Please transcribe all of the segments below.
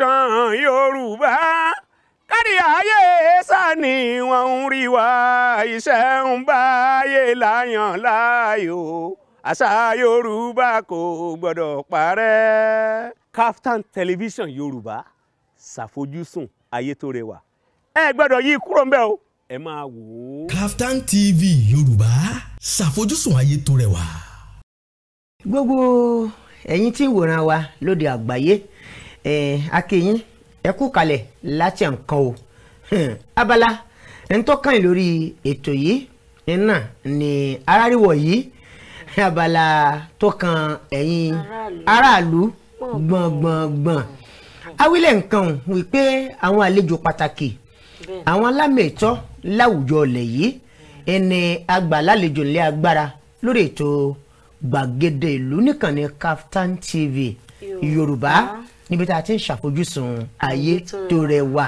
tẹ̀sán yorùbá kárí ayé sani wọn ń rí wa iṣẹ́ ń bá láyàn láàyò àṣà yorùbá kò gbọ́dọ̀ parẹ́. Kaftan television yorùbá ṣàfojúsùn ayé tó rẹwà ẹ gbọ́dọ̀ yí kúrò ń o ẹ máa wò ó. Kaftan TV yorùbá ṣàfojúsùn ayé tó rẹwà. gbogbo ẹ̀yin tí ń wòran wa lóde àgbáyé akéyín ẹ kú kalẹ̀ láti nǹkan o abala ntọ́kàn lórí ètò yìí iná ni aráríwọ̀ yìí abala tó kan ẹ̀yin aráàlú gbọ̀ngbọ̀ngbọ̀n awílẹ̀ nǹkan wípé àwọn àlejò pàtàkì àwọn alámẹ̀tọ́ láwùjọ ọ̀lẹ̀ yìí ẹni agbàlálejò ńlẹ̀ agbára lórí ètò gbàgede ìlú nìkànnì Kaftan TV yorùbá níbi tá a ti ń ṣàfojúsùn ayé tó rẹwà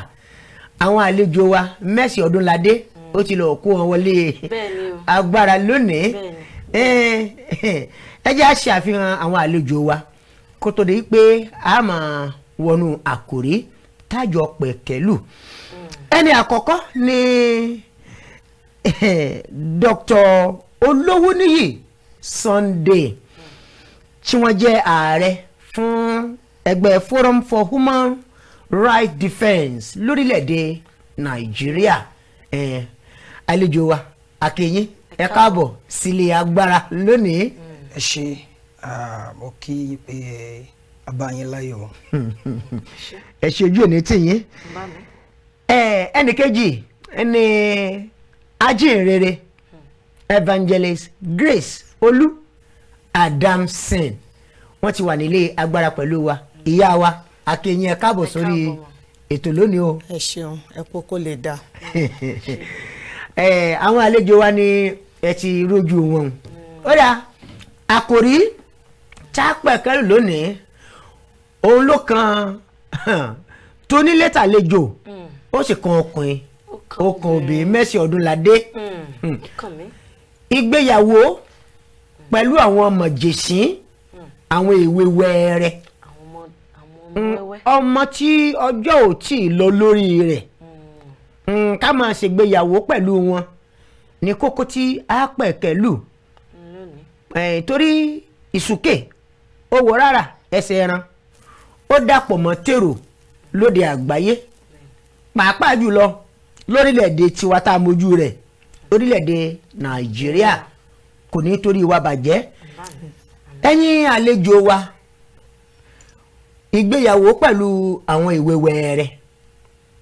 àwọn àlejò wa Mercy Ọdúnládé ó ti lọ kó wọn wọlé agbára lónìí ẹ jẹ́ àṣẹ àfihàn àwọn àlejò wa kó tó di pé a máa wọnú àkòrí tájọ pẹ̀kẹ́lù hmm. ẹni àkọ́kọ́ ni Dr. Olówóníyì Sunday tí wọ́n jẹ́ ààrẹ fún ẹgbẹ́ forum for human rights defence lórílẹ̀‐èdè nàìjíríà ẹ̀ àlejò wa akínyìn ẹ káàbọ̀ sílé agbára lónìí. ẹ ṣe mo kí pé abayinláyọ̀. ẹ ṣe ojú òní tìyín ẹnì ẹni ajínrere evangelist grace olú adamson wọ́n ti wà nílé agbára pẹ̀lú wa ìyá wa akéyìn ẹ káàbọ̀ sórí ètò lónìí o. ẹ ṣeun ẹ kó kó lè dà. àwọn àlejò wa ni ẹ ti rójú wọn ó dà àkòrí tá a pẹ̀kẹ́rù lónìí òun ló kan tónílé tàlejò hmm. ó sì kan ọkùnrin ó kan obìnrin Mercy Ọdúnládé hmm. hmm. ìgbéyàwó pẹ̀lú àwọn mọ̀jẹ̀sín àwọn èwe wẹ́ẹ́rẹ́. Mm. ọmọ tí ọjọ́ ò tí ì lọ lórí rẹ̀ mm. Mm, ká máa ṣègbéyàwó pẹ̀lú wọn ní kókó tí a pẹ̀kẹ́ lù eh, torí ìsúkè ó rárá ẹsẹ̀ ẹran ó dàpọ̀ mọ́ tèrò lóde àgbáyé pàápàá jùlọ lórílẹ̀‐èdè tiwa tá a mojú rẹ̀ lórílẹ̀‐èdè nàìjíríà kò ní torí wa bàjẹ́ ẹ̀yin àlejò wa. ìgbéyàwó pẹ̀lú àwọn ìwé wẹ̀ẹ̀rẹ̀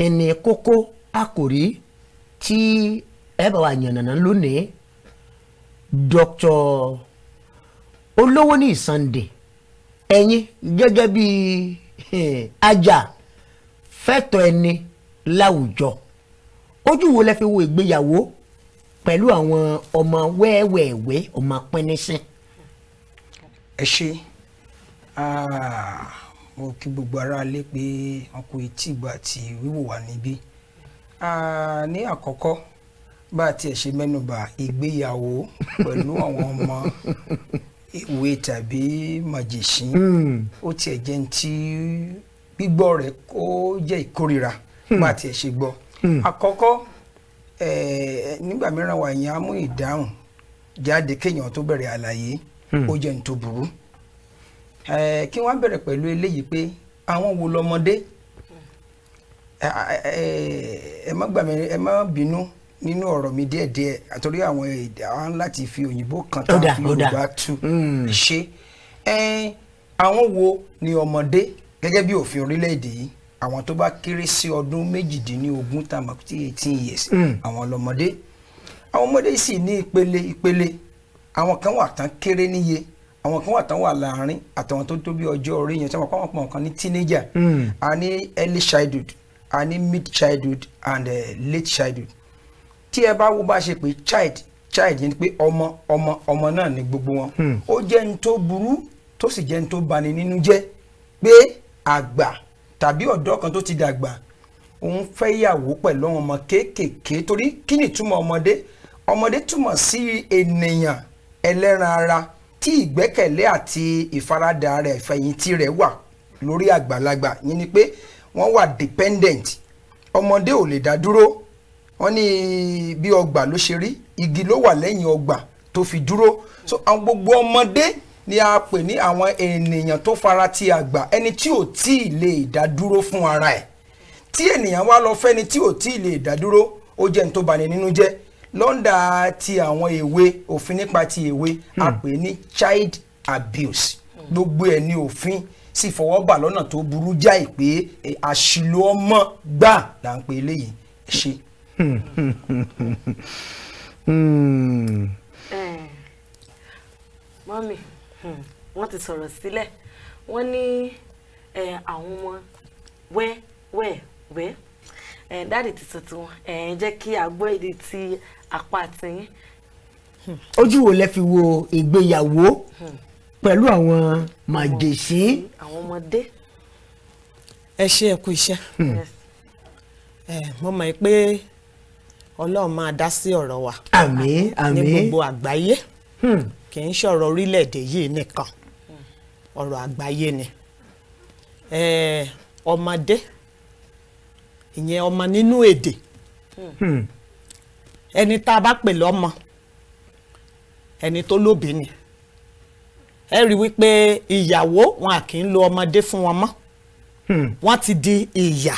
ìní kókó àkòrí tí ẹ bá wà yànnàná lónìí Dr. Olówóníyì Sunday ẹ̀yin gẹ́gẹ́ bí eh, ajá fẹ́tọ̀ ẹni láwùjọ ojú wo lẹ fi wo ìgbéyàwó pẹ̀lú àwọn ọmọ wẹ́wẹ̀wẹ́ ọmọ pínínsín. ẹ ṣe. Ah mo kí gbogbo aráalé pé wọn kò tí ì gbà tí wíwò wà níbí ní àkọ́kọ́ bá a tiẹ̀ ṣe mẹ́nubà ìgbéyàwó pẹ̀lú àwọn ọmọ ìwé tàbí màjèṣín hmm. ó tiẹ̀ jẹ́ ní ti gbígbọ́ rẹ̀ kó jẹ́ ìkórira hmm. bá a tiẹ̀ ṣe gbọ́ hmm. àkọ́kọ́ nígbà mìíràn wà yẹn á mú ìdáhùn jáde kéèyàn tó bẹ̀rẹ̀ àlàyé ó jẹ́ ní tó burú. Eh, kí wọ́n bẹ̀rẹ̀ pẹ̀lú eléyìí pé àwọn wo lọmọdé eh, ẹ má gbà mí ẹ má bínú nínú ọ̀rọ̀ mi díẹ̀díẹ̀ àtọ́rí àwọn èdè àwọn láti fi òyìnbó kan tá a fi Yorùbá tu hmm. ṣe àwọn wo ni ọmọdé gẹ́gẹ́ bí òfin orílẹ̀-èdè yìí àwọn tó bá kéré sí ọdún méjìdínlógún tá a mọ̀ sí eighteen years hmm. àwọn lọmọdé àwọn ọmọdé sì ní ìpele ìpele àwọn kan wà tán kéré níye àwọn kan wà tán wà láàrin àtàwọn tó tó bí ọjọ́ orí yẹn sábà pàwọn pọ̀ kan ní teenager hmm. a ní early childhood a ní mid childhood and uh, late childhood tí ẹ bá wo bá ṣe pé child child yẹn ni pé ọmọ ọmọ ọmọ náà ni gbogbo wọn hmm. ó jẹ́ ní tó burú tó sì jẹ́ ní tó bani nínú jẹ́ pé àgbà tàbí ọ̀dọ́ kan tó ti dàgbà òun fẹ́ yàwó pẹ̀lú àwọn ọmọ kéékèèké torí kí ni túmọ̀ ọmọdé ọmọdé túmọ̀ sí ènìyàn ẹlẹ́ran ara tí ìgbẹ́kẹ̀lé àti ìfaradà rẹ̀ ìfẹ̀yìntì rẹ̀ wà lórí àgbàlagbà yìí ni pé wọ́n wà dependent ọmọdé ò lè dá dúró wọ́n ní bí ọgbà ló ṣe rí igi ló wà lẹ́yìn ọgbà tó fi dúró so àwọn gbogbo ọmọdé ni a pè ní àwọn ènìyàn tó fara ti àgbà ẹni tí ò tí ì lè dá dúró fún ara ẹ̀ tí ènìyàn wá lọ fẹ́ni tí ò tí ì lè dá dúró ó jẹ́ ní tó bani nínú jẹ́ lọ́ndà ti àwọn èwe òfin nípa ti èwe a hmm. pè ní child abuse gbogbo ẹ̀ ní òfin sì fọwọ́ bà lọ́nà tó burú jáì pé e, àṣìlò ọmọ gbà là ń pè eléyìí ṣe. Hmm. mọ́mì hmm, wọ́n ti sọ̀rọ̀ sílẹ̀ wọ́n ní àwọn ọmọ wẹ́wẹ́wẹ́ dáàdì ti sọ tiwọn jẹ́ kí a gbọ́ èdè apá àtìyín. ojú wo lẹ fi wo ìgbéyàwó hmm. pẹ̀lú àwọn màjèṣí. àwọn ọmọdé. ẹ ṣe ẹ kú iṣẹ́ hmm. mo mọ̀ pé ọlọ́run máa dá sí ọ̀rọ̀ wa. àmín àmín ní gbogbo àgbáyé hmm. kì í ṣọ̀rọ̀ orílẹ̀-èdè yìí nìkan ọ̀rọ̀ àgbáyé ni ọmọdé ìyẹn ọmọ nínú èdè ẹni tá a bá pè lọ́mọ ẹni tó lóbi ni ẹ rí wípé ìyàwó wọn à kì í lo ọmọdé fún wọn mọ́ hmm. wọ́n ti di ìyà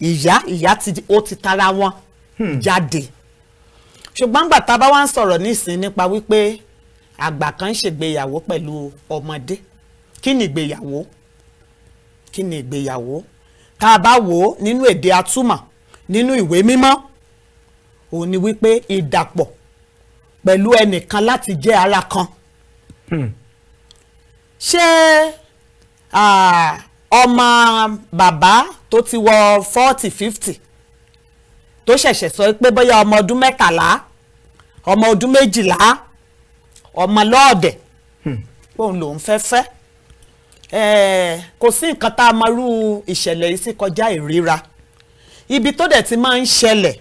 ìyá ìyá ti ó ti tara wọn hmm. jáde ṣùgbọ́n gbà tá a bá wá ń sọ̀rọ̀ nísìnyí nípa wípé àgbà kan ń ṣègbéyàwó pẹ̀lú ọmọdé kí ni ìgbéyàwó kí ni ìgbéyàwó tá a bá wò ó nínú èdè atúmọ̀ nínú ìwé mímọ́ òun ni wípé ìdàpọ̀ pẹ̀lú ẹnìkan láti jẹ́ ara kan hmm. ṣé ọmọ bàbá tó ti wọ forty fifty tó ṣẹ̀ṣẹ̀ sọ pé bóyá ọmọ ọdún mẹ́tàlá ọmọ ọdún méjìlá ọmọ lọ́ọ̀dẹ̀ hmm. òun lòún fẹ́ fẹ́ kò sí nǹkan tá a máa rú ìṣẹ̀lẹ̀ yìí sí kọjá ìríra ibi tó dẹ̀ ti máa ń ṣẹlẹ̀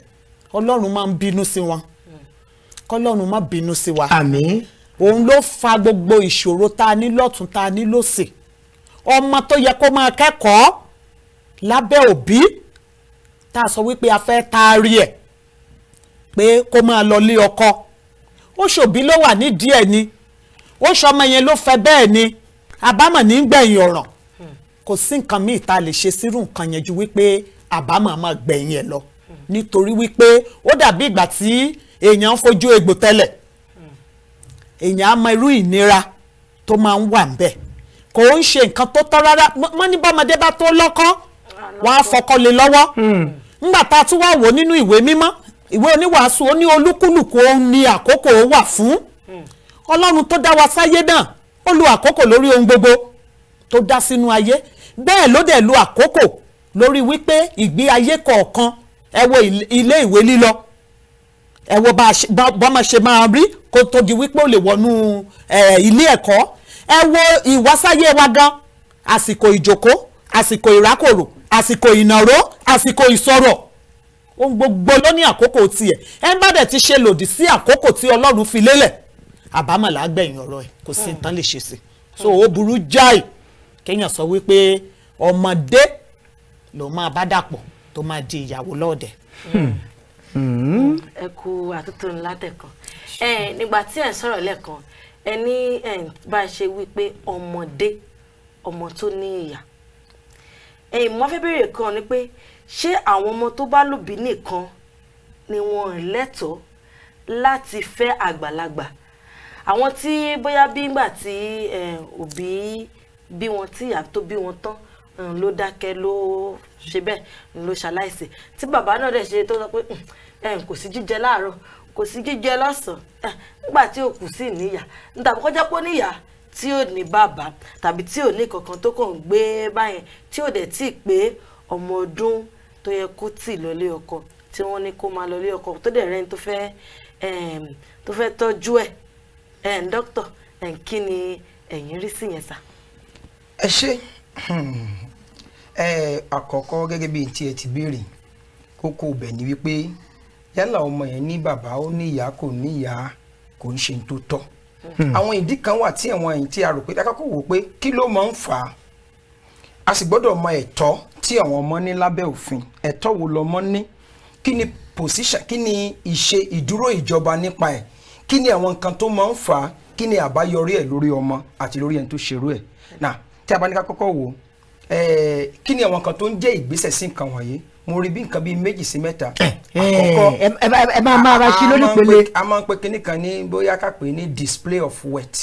ọlọ́run máa ń bínú sí wọn kọ́lọ́run má bínú sí wa. àmín. òun ló fa gbogbo ìṣòro tá a ní lọ́tún tá a ní lọ́sẹ̀ ọmọ tó yẹ kó máa kẹ́kọ̀ọ́ lábẹ́ òbí tá a sọ wípé a fẹ́ taari ẹ̀ pé kó máa lọ lé ọkọ ó ló wà nídìí ẹ̀ ni ó ṣọmọ yẹn ló fẹ́ bẹ́ẹ̀ ni àbámọ̀ ní gbẹ̀yìn ọ̀ràn hmm. kò sí nǹkan míì tá a lè ṣe sírú nǹkan yẹn ju wípé àbámọ̀ máa gbẹ̀yìn ẹ̀ lọ. nítorí wípé ó dàbí ìgbà tí èèyàn ń fojú egbò tẹ́lẹ̀ èèyàn á mọ irú ìnira tó máa ń wà ńbẹ̀ kò ń ṣe nǹkan tó tọ́ rárá wọ́n ní bọ́mọdé bá tó lọ́kọ́ wọ́n á fọkọ lé lọ́wọ́ ńgbà hmm. tá a tún wá wò nínú ìwé mímọ́ ìwé oníwàásù ó ní olúkúlùkù òun ni àkókò wà fún hmm. ọlọ́run tó dá wa sáyé náà ó lu àkókò lórí ohun gbogbo tó dá sínú ayé bẹ́ẹ̀ ló dẹ̀ lu àkókò lórí wípé ìgbé ayé kọ̀ọ̀kan ẹ wo ilé ìwé lílọ ẹ wo bá máa ṣe máa rí kó tó di wípé ó lè wọnú ilé ẹ̀kọ́ ẹ wo ìwásáyé wa gan àsìkò ìjòkó àsìkò ìrákòrò àsìkò ìnàró àsìkò ìsọ̀rọ̀ ohun gbogbo ló ní àkókò tiẹ̀ ẹ ń bá dẹ̀ ti ṣe lòdì sí àkókò tí Ọlọ́run fi lélẹ̀ àbámọ̀ làgbẹ̀yìn ọ̀rọ̀ ẹ̀ kò sí nǹkan lè ṣe sí so ó burú jáì kéèyàn sọ wípé ọmọdé ló máa bá dàpọ̀ tó máa di ìyàwó lọ́ọ̀dẹ̀. Hmm. Hmm. ẹ kú àtúntò ńlá tẹ̀kan nígbà tí ẹ̀ ń sọ̀rọ̀ lẹ́ẹ̀kan ẹ ní bá a ṣe wí pé ọmọdé ọmọ tó ní ìyá ẹ̀yìn mọ́ fẹ́ béèrè kan ni pé ṣé àwọn ọmọ tó bá lòbí nìkan ni wọ́n lẹ́tọ̀ọ́ láti fẹ́ àgbàlagbà àwọn tí bóyá bí ngbà tí òbí bí wọn tí ìyá tó bí wọn tán ló dákẹ́ ló ṣe bẹ́ẹ̀ ló ṣaláìsí tí bàbá náà dẹ̀ ṣe tó sọ pé kò sí jíjẹ láàárọ̀ kò sí jíjẹ lọ́sàn-án nígbà tí òkú sì níyà níta kó jẹ́ pé ó níyà tí ò ní bàbá tàbí tí ò ní kankan tó kàn ń gbé báyẹn tí ò dẹ̀ tí ì pé ọmọ ọdún tó yẹ kó tì lọlé ọkọ tí wọ́n ní kó máa lọlé ọkọ tó dẹ̀ rẹ́ni tó fẹ́ tó fẹ́ tọ́jú ẹ̀ dókítà kí ni ẹ̀yin rí sí yẹn sà. ẹ ṣe ẹ àkọ́kọ́ gẹ́gẹ́ bíi tí ẹ ti béèrè kókó ibẹ̀ ni wípé yálà ọmọ yẹn ní bàbá ó ní ìyá kò ní ìyá kò ń ṣe tó tọ́ hmm. àwọn ìdí kan wà tí àwọn ẹ̀yìn tí a rò pé dákàkọ́ wò pé kí ló máa ń fà á a sì gbọ́dọ̀ mọ ẹ̀tọ́ tí àwọn ọmọ ní lábẹ́ òfin ẹ̀tọ́ wo lọmọ ní kí ni position kí ni ìṣe ìdúró ìjọba nípa ẹ̀ kí ni àwọn nǹkan tó máa ń fà á kí ni àbáyọrí ẹ̀ lórí ọmọ àti lórí ẹni tó ṣerú ẹ̀ náà tí a bá ní ká kọ́kọ́ wò ó Eh, kí ni àwọn kan tó ń jẹ́ ìgbésẹ̀ sí nǹkan wọ̀nyí mo rí bí nǹkan bíi méjì sí mẹ́ta. Eh, eh, àkọ́kọ́ ẹ máa máa ra sí lónípele. a máa ń pe kinní kan ní bóyá ká pè é ní display of wealth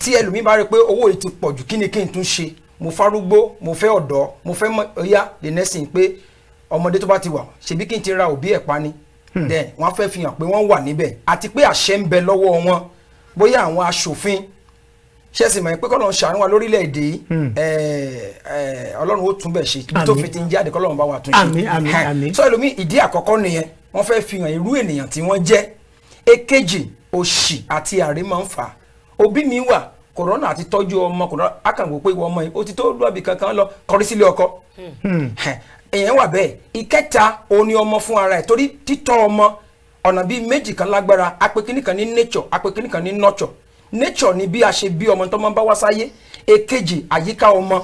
tí ẹlòmíín bá rí i pé owó yìí ti pọ̀jù kí ni kí n tún ṣe mo fárúgbó mo fẹ́ ọ̀dọ́ mo fẹ́ mọ̀ ọ́yá the next thing pé ọmọdé tó bá ti wà ṣebí kí n ti ra òbí ẹ̀ pa ni hmm. then wọ́n fẹ́ fi hàn pé wọ́n wà níbẹ̀ àti pé àṣẹ ń bẹ lọ́wọ́ wọn bóyá àwọn aṣòfin ṣẹ́sì mọ̀ pé kọ́lọ́run ṣàánú wa lórílẹ̀‐èdè hmm. ọlọ́run ó tún bẹ̀ ṣe ibi tó fi ti ń jáde kọ́lọ́run bá wa tún ṣe àmín àmín àmín sọ èlòmí ìdí àkọ́kọ́ nìyẹn wọ́n fẹ́ fi hàn irú ènìyàn tí wọ́n jẹ́ èkejì òṣì àti àárẹ̀ máa ń fà á òbí mi wà kòrónà àti tọ́jú ọmọ kòrónà akànwò pé ìwọ ọmọ yìí ó ti tó lọ́ọ̀bì kankan lọ kọrí sílé ọkọ èèyàn hmm. hmm. wà bẹ́ẹ̀ ìkẹta òun ni ọmọ fún ara ẹ̀ torí títọ́ ọmọ ọ̀nà bíi méjì kan lágbára apẹ̀kínìkan ní nature apẹ̀kínìkan ní nurture nature ni bí a ṣe bí ọmọ tó máa ń bá wá sáyé èkejì àyíká ọmọ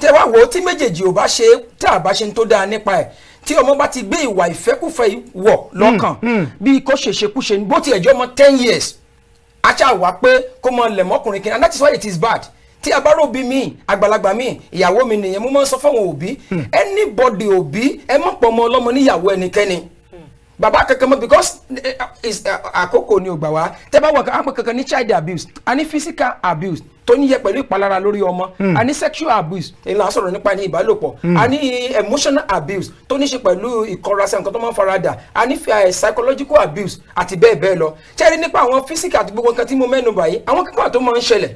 tẹ wá wò ó tí méjèèjì ò bá ṣe tá a bá ṣe ń tó dáa nípa ẹ̀ tí ọmọ bá ti gbé ìwà ìfẹ́kùfẹ́ wọ̀ lọ́kàn mm, mm. bí kò ṣe ṣekúṣe bó ti ẹ̀jọ́ ọmọ ten years aṣá wà pé kó mọ lẹ̀mọ́kùnrin kìnnìkan and that is why it is bad tí a bá ròbí mi àgbàlagbà mi ìyàwó mi nìyẹn mo máa ń sọ fáwọn òbí mm. anybody òbí ẹ mọ̀ pọ̀ ọmọ ọlọ́mọ níyàwó ẹnikẹ́ni bàbá kankan mọ because eh, eh, àkókò ni ò gbà wá tẹ bá wọ àwọn kankan ní child abuse a ní physical abuse tó níyẹ pẹ̀lú ìpalára lórí ọmọ hmm. a ní sexual abuse èyí là ń sọ̀rọ̀ nípa ní ìbálòpọ̀ hmm. a ní emotional abuse tó ní ṣe pẹ̀lú ìkọrasẹ̀ nǹkan tó máa ń faradà a eh, psychological abuse àti bẹ́ẹ̀ bẹ́ẹ̀ lọ ṣẹ́ẹ́rí nípa àwọn physical àti gbogbo nǹkan tí mo mẹ́nu báyìí àwọn kankan tó máa ń ṣẹlẹ̀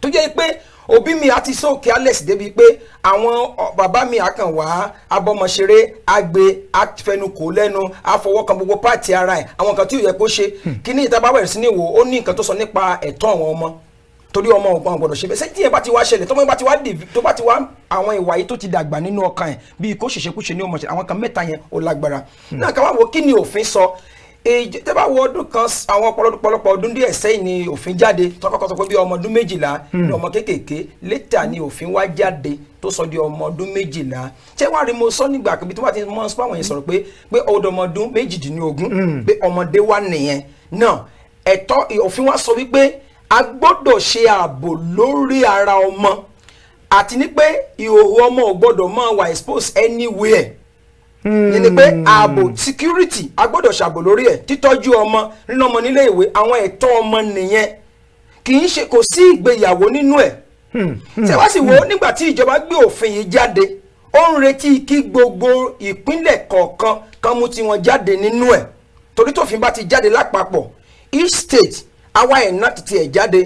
tó jẹ́ pé òbí mi àti sóòkè alex débi pé àwọn bàbá mi àkàn wá abọmọṣeré agbe afẹnukò lẹ́nu afọwọ́kan gbogbo páàtì ara ẹ̀ àwọn nǹkan tí ò yẹ kó ṣe hmm. kí ní ìta bá bẹ̀rẹ̀ sí ní wò ó ní nǹkan tó sọ nípa ẹ̀tọ́ àwọn ọmọ torí ọmọ ọgbọ́n gbọ́dọ̀ ṣe bẹ́ẹ̀ sẹ́yìn bá ti wá ṣẹlẹ̀ tọ́mọ bá ti wá dèbí tó bá ti wá àwọn ìwà yìí tó ti dàgbà nínú ọkàn ẹ̀ bíi kó ṣèṣekúṣe ní ọmọ ṣẹlẹ̀ àwọn kan mẹ́ta yẹn ò lágbára hmm. náà ká wo kí ni òfin sọ ìjọ tẹ́ bá wo ọdún kan àwọn ọ̀pọ̀lọpọ̀ ọdún díẹ̀ sẹ́yìn ni òfin jáde tọkọkọ sọ pé bí ọmọ ọdún méjìlá ni hmm. ọmọ kéékèèké létà ni òfin wá jáde tó sọ di ọmọ ọdún méjìlá ṣé wàá rí mo sọ nígbà pé tó bá ti mọ sọ àwọn yẹn sọ̀rọ̀ pé pé ọdọmọ ọdún méjìdínlógún hmm. pé ọmọdé wà nìyẹn náà ẹ̀tọ́ òfin wá sọ wípé a gbọ́dọ̀ ṣe ààbò lórí ara ọmọ àti ní pé ìhòòhò ọmọ ò gbọ́dọ̀ máa wà expose anywhere Hmm. yìí ni pé ààbò security a ṣàbò lórí ẹ̀ títọ́jú ọmọ nínú ọmọ nílé ìwé àwọn ẹ̀tọ́ ọmọ nìyẹn kì í ṣe kò sí ìgbéyàwó nínú ẹ̀ hmm. Hmm. ṣé wo nígbà tí ìjọba gbé òfin yìí jáde ó ń retí kí gbogbo ìpínlẹ̀ kọ̀ọ̀kan kan mú tiwọn jáde nínú ẹ̀ torí tófin bá ti jáde lápapọ̀ each state àwa ẹ̀ náà ti tiẹ̀ jáde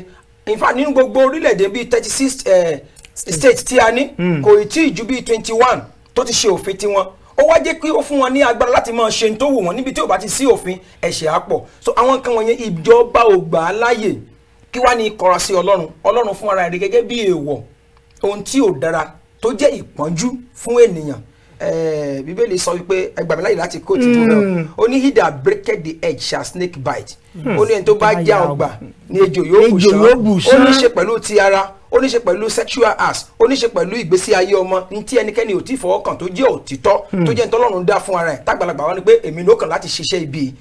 in fact nínú gbogbo orílẹ̀-èdè bíi thirty six eh, state tí a ní kò tí ì ju bíi twenty one tó ti ṣe òfin tiwọn ó wá jẹ́ kí ó fún wọn ní agbára láti máa ṣe tó wù wọ́n níbi tí ò bá ti sí òfin ẹ̀ṣẹ̀ á pọ̀ so àwọn nǹkan wọ̀nyẹn ìjọba ò gbà á láàyè kí wá ní kọra sí ọlọ́run ọlọ́run fún ara rẹ̀ gẹ́gẹ́ bí èèwọ̀ ohun tí ò dára tó jẹ́ ìpọ́njú fún ènìyàn bíbélì sọ wípé ẹgbàá mi láyè láti kó tuntun náà hmm. ó ní he that the egg shall snake bite hmm. ó ní ẹni tó bá já ọgbà ni ejò yóò bù ṣán ó ní ṣe pẹ̀lú ti ara ó ní ṣe pẹ̀lú sexual acts ó ní ṣe pẹ̀lú ìgbésí ayé ọmọ ní tí ẹnikẹ́ni ò tí fọwọ́ kàn tó jẹ́ òtítọ́ tó hmm. jẹ́ ntọ́lọ́run dá fún ara ẹ̀ tágbàlagbà wa ni pé èmi ló kàn láti ṣiṣẹ́ ibi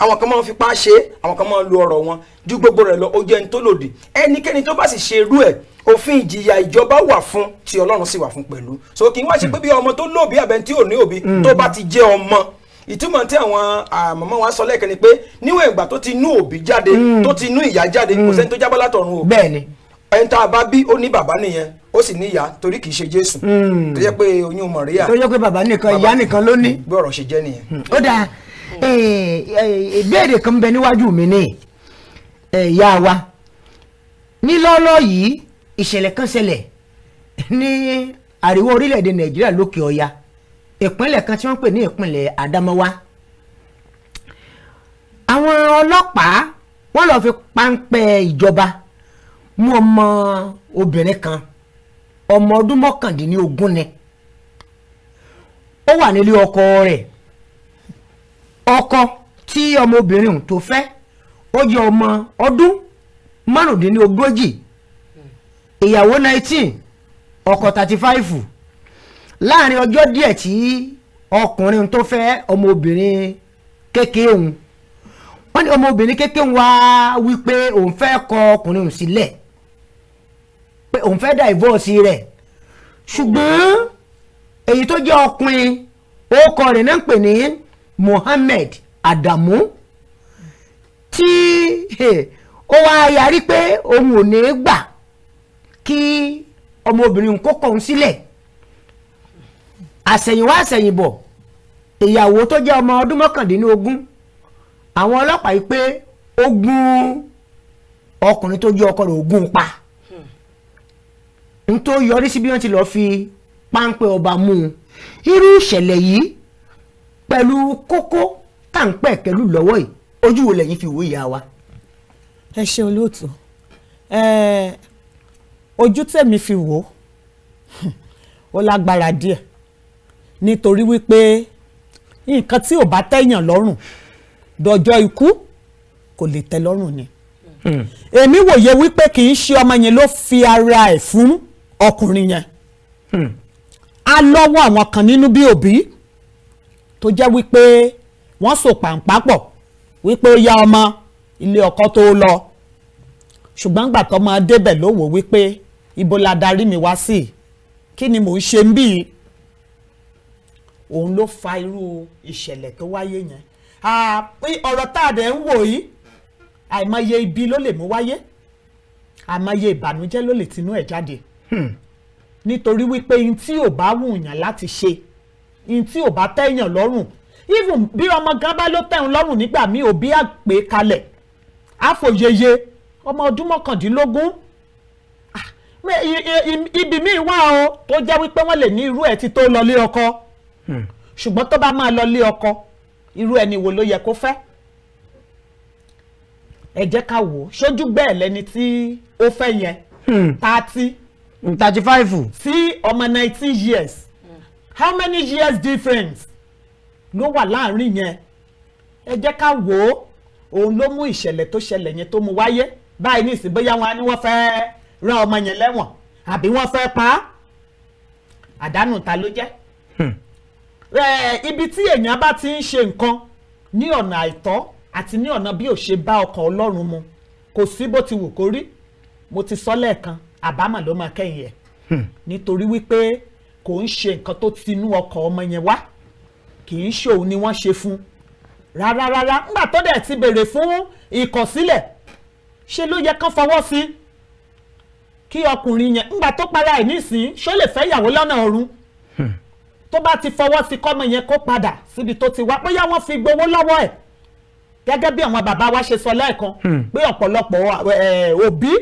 àwọn kan máa ń fipá ṣe àwọn kan máa ń lo ọ̀rọ̀ wọn ju gbogbo rẹ̀ lọ ó jẹ́ ní tó lòdì ẹnikẹ́ni tó bá sì ṣe irú ẹ̀ òfin ìjìyà ìjọba wà fún tí ọlọ́run sì wà fún pẹ̀lú so kì í wá ṣe hmm. pé bí ọmọ tó lóbi àbẹ̀ tí ò ní òbí hmm. tó bá ti jẹ́ ọmọ ìtumọ̀ tí àwọn àmọ́mọ́ wa sọ lẹ́ẹ̀kan ni pé níwọ̀n ìgbà tó ti nú òbí jáde tó ti nú ìyá jáde kò sẹ́ni tó jábọ́ látọ̀run o. bẹ́ẹ̀ni ẹni tá a bá bí ó ní bàbá nìyẹn ó sì ní ìyá torí kì í ṣe jésù. Hmm. tó jẹ́ pé oyún Màríà. tó jẹ́ pé bàbá nìkan ìyá nìkan ló ní. bí ọ̀rọ̀ ṣe jẹ́ nìyẹn. Hmm. ó dáa eh, eh, ìbéèrè kan bẹ níwájú mi ní eh, ìyá wa ní lọ́ọ́lọ́ yìí ìṣẹ̀lẹ̀ kan ṣẹlẹ̀ ní àríwá orílẹ̀-èdè Nàìjíríà lókè ọya ìpínlẹ̀ kan tí wọ́n pè ní ìpínlẹ̀ Adamawa àwọn ọlọ́pàá wọ́n lọ́ọ́ fi páńpẹ́ ìjọba mú ọmọ obìnrin kan ọmọ ọdún mọ́kàndínlógún ni ó wà nílé ọkọ rẹ̀ ọkọ tí ọmọbìnrin ọ̀hún tó fẹ́ ó jẹ́ ọmọ ọdún márùndínlógójì ìyàwó nineteen ọkọ thirty five láàrin ọjọ́ díẹ̀ tí ọkùnrin tó fẹ́ ọmọbìnrin kékeré òun wọ́n ní ọmọbìnrin kékeré wa wípé òun fẹ́ kọ ọkùnrin òun sílẹ̀ si pé òun fẹ́ divorce rẹ̀ ṣùgbọ́n èyí tó jẹ́ ọkùnrin orúkọ rẹ̀ náà ń pè ní Mohammed Adamu tí ó wá yarí pé òun ò ní gbà kí ọmọbìnrin kó kọ̀ọ̀hún sílẹ̀ àsẹ̀yìnwá àsẹ̀yìnbọ̀ ìyàwó tó jẹ́ ọmọ ọdún mọ́kàndínlógún àwọn ọlọ́pàá yìí pé ó gún ọkùnrin tó jẹ́ ọkọ rẹ̀ ó gún pa n tó yọrí sí bí wọ́n ti lọ́ọ́ fi páńpẹ́ ọba mú un irú ìṣẹ̀lẹ̀ yìí pẹ̀lú kókó táǹpẹ̀ kẹlú lọ́wọ́ yìí ojú wo lẹ́yìn fi wò ìyá wa. ẹ ṣe olóòtú ojú tèmi fi wò ó lágbára díẹ̀ nítorí wípé nǹkan tí ò bá tẹ̀yàn lọ́rùn dọjọ́ ikú kò lè tẹ́ lọ́rùn ni hmm. èmi wòye wípé kì í ṣe ọmọ yẹn ló fi ara ẹ̀ fún ọkùnrin yẹn hmm. a lọ́wọ́ àwọn kan nínú bí òbí tó jẹ́ wípé wọ́n so pàǹpá pọ̀ wípé ó yá ọmọ ilé ọkọ tó lọ ṣùgbọ́n gbà tó máa débẹ̀ ló wò wípé ibo la darí mi wá sí kí ni mò ń ṣe ń bì í òun ló fa irú ìṣẹ̀lẹ̀ tó wáyé yẹn ọ̀rọ̀ tá a dẹ̀ ń wò yìí àìmọye ibi ló lè mú wáyé àìmọye ìbànújẹ́ ló lè tinú ẹ̀ jáde Hmm. nítorí wípé n tí ò bá wùyàn láti ṣe n tí ò bá tẹ̀yàn lọ́rùn even bí ọmọ gan bá ló tẹ̀hún lọ́rùn nígbà míì òbí àgbé kalẹ̀ àfòyeye ọmọ ọdún mọ́kàndínlógún ah, ibi míì wà o tó jẹ́ wípé wọ́n lè ní irú ẹ̀ ti tó lọ lé ọkọ hmm. ṣùgbọ́n tó bá máa lọ lé ọkọ irú ẹni wo ló yẹ kó fẹ́ ẹ jẹ́ ká wò ó ṣojú bẹ́ẹ̀ lẹni tí ó fẹ́ yẹn tá a ti. Hmm thirty five. sí ọmọ nineteen years how many years difference ló wà láàrin yẹn ẹ jẹ́ ká wò ó òun ló mú ìṣẹ̀lẹ̀ tó ṣẹlẹ̀ yẹn tó mu wáyé báyìí ní ìsìn bóyá wọn á wọ́n fẹ́ rán ọmọ yẹn lẹ́wọ̀n àbí wọ́n fẹ́ pa á àdánù ta ló jẹ́. Hmm. ibi tí èèyàn bá ti ń ṣe nǹkan ní ọ̀nà àìtọ́ àti ní ọ̀nà bí ò ṣe bá ọkàn Ọlọ́run mu kò sí bó ti wù kó rí mo ti sọ lẹ́ẹ̀kan àbámọ̀ ló máa kẹ́yìn ẹ̀ hmm. nítorí wípé kò ń ṣe nǹkan tó tinú ọkọ̀ ọmọ yẹn wá kì í ṣòun ni wọ́n ṣe fún rárá rárá ńgbà tó dẹ̀ ti béèrè fún ìkọ̀sílẹ̀ ṣe ló yẹ kán fọwọ́ sí kí ọkùnrin yẹn ńgbà tó para ẹ̀ nísìn ṣó lè fẹ́ ìyàwó lọ́nà ọ̀run hmm. tó bá ti fọwọ́ sí kọ́mọ yẹn kó padà síbi tó ti wá bóyá wọ́n fi gbowó lọ́wọ́ ẹ̀ gẹ́gẹ́ bí àwọn bàbá wa ṣe sọ lẹ́ẹ̀kan hmm. pé ọ̀pọ̀lọpọ̀ òbí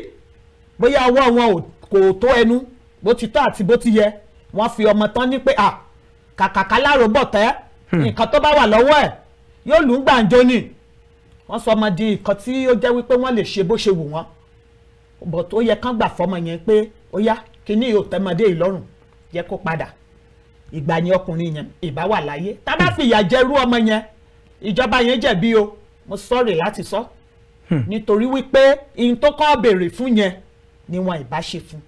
bóyá ọwọ́ wọn kò tó ẹnu bó ti tọ́ àti bó ti yẹ wọ́n fi ọmọ tán ní pé à kàkàkà láàrò bọ̀ tẹ́ hmm. nǹkan tó bá wà lọ́wọ́ ẹ̀ yóò lù ú gbàǹjo ni wọ́n sọ ọmọ di nǹkan tí ó jẹ́ wípé wọ́n lè ṣe bó ṣe wù wọ́n bọ̀ tó yẹ kán gbà fọmọ yẹn pé ó yá kíní yóò tẹ́mọdé yìí lọ́rùn yẹ kó padà ìgbà yẹn ọkùnrin yẹn ìbá wà láyé tá bá fìyà jẹrú ọmọ yẹn ìjọba yẹn jẹ̀bi o mo sọ̀rọ̀ láti sọ hmm. nítorí wípé ihun tó kọ́ béèrè fún yẹn ni wọn ìbá ṣe fún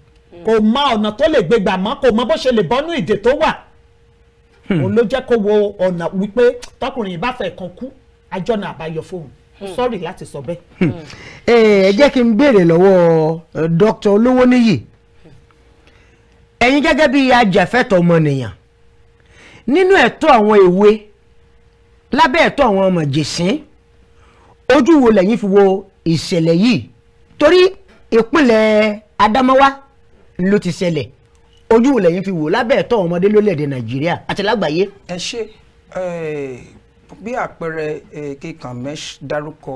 kò mọ ọ̀nà tó lè gbégbà mọ́ kò mọ bó ṣe lè bọ́nú ìdè tó wà hmm. òun ló jẹ́ kó wo ọ̀nà wípé tọkùnrin yìí bá fẹ́ kan kú àjọ náà àbáyọ fóun hmm. sọ́ọ̀rì láti sọ bẹ́ẹ̀. Hmm. Eh, ẹ jẹ́ kí n béèrè lọ́wọ́ eh, Dr. Olówóníyì ẹ̀yin gẹ́gẹ́ bí ajàfẹ́tọ̀ ọmọnìyàn nínú ẹ̀tọ́ àwọn èwe lábẹ́ ẹ̀tọ́ àwọn ọmọ jèsín ojú wo lẹ́yìn fi wo ìṣẹ̀lẹ̀ yìí torí ìpínlẹ̀ Adamawa ló ti ṣẹlẹ̀ ojú wo lẹ́yìn fi wò lábẹ́ ẹ̀tọ́ ọmọdé lólẹ̀dẹ̀ Nàìjíríà àti lágbàáyé. ẹ ṣe bí àpẹẹrẹ kíkan mesh dárúkọ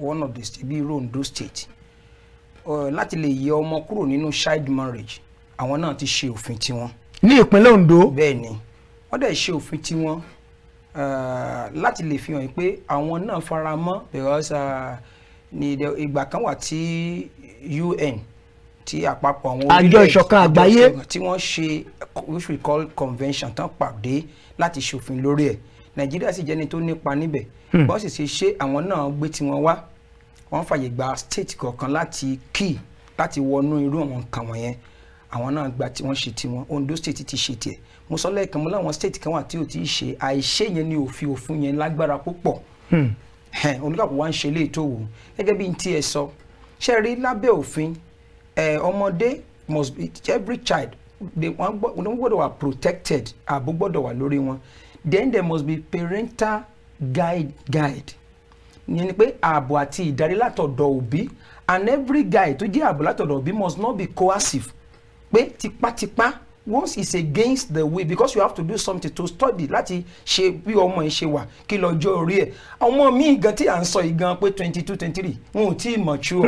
one of the state bíi Ondo state láti lè yẹ ọmọ kúrò nínú child marriage àwọn náà ti ṣe òfin tiwọn. ní ìpínlẹ̀ Ondo. bẹ́ẹ̀ ni wọ́n dẹ̀ ṣe òfin tiwọn láti lè fi hàn pé àwọn náà fara mọ́ because ìgbà kan wà tí UN ti àpapọ̀ àwọn orílẹ̀-èdè àjọ ìṣọ̀kan àgbáyé tí wọ́n ṣe which we call convention tán pàdé láti ṣòfin lórí ẹ̀ nàìjíríà sì jẹ́ni tó nípa níbẹ̀ hmm. bọ́n sì ṣe ṣé àwọn náà gbé tiwọn wá wọ́n fàyè gba state kọ̀ọ̀kan láti key láti wọnú irú àwọn nǹkan wọ̀nyẹn àwọn náà gba tí wọ́n ṣe tiwọn Ondo state ti ṣe tiẹ̀ mo sọ lẹ́ẹ̀kan mo láwọn state kan wà tí ò ti ṣe àìṣe yẹn ni òfin òfin yẹn lágbára púpọ̀ hmm. oníkàkùn wa ń ṣe eléyìí tó wù gẹ́gẹ́ bí n tiẹ̀ sọ ṣe rí lábẹ́ òfin ọmọdé must be every child wọ́n gbọ́dọ̀ wà protected ààbò gbọ́dọ̀ wà lórí wọn then there must be parental guide guide ìyẹn ni pé ààbò àti ìdarí látọ̀dọ̀ òbí and every guide tó jẹ́ ààbò látọ̀dọ̀ òbí must not be coercive pé tipátipá once it's against the way because you have to do something to study láti ṣe bí ọmọ ẹ ṣe wà kí lọ́jọ́ orí ẹ̀ ọmọ mi gan tí à ń sọ yìí gan pé twenty two twenty three wọn ò tí ì mature.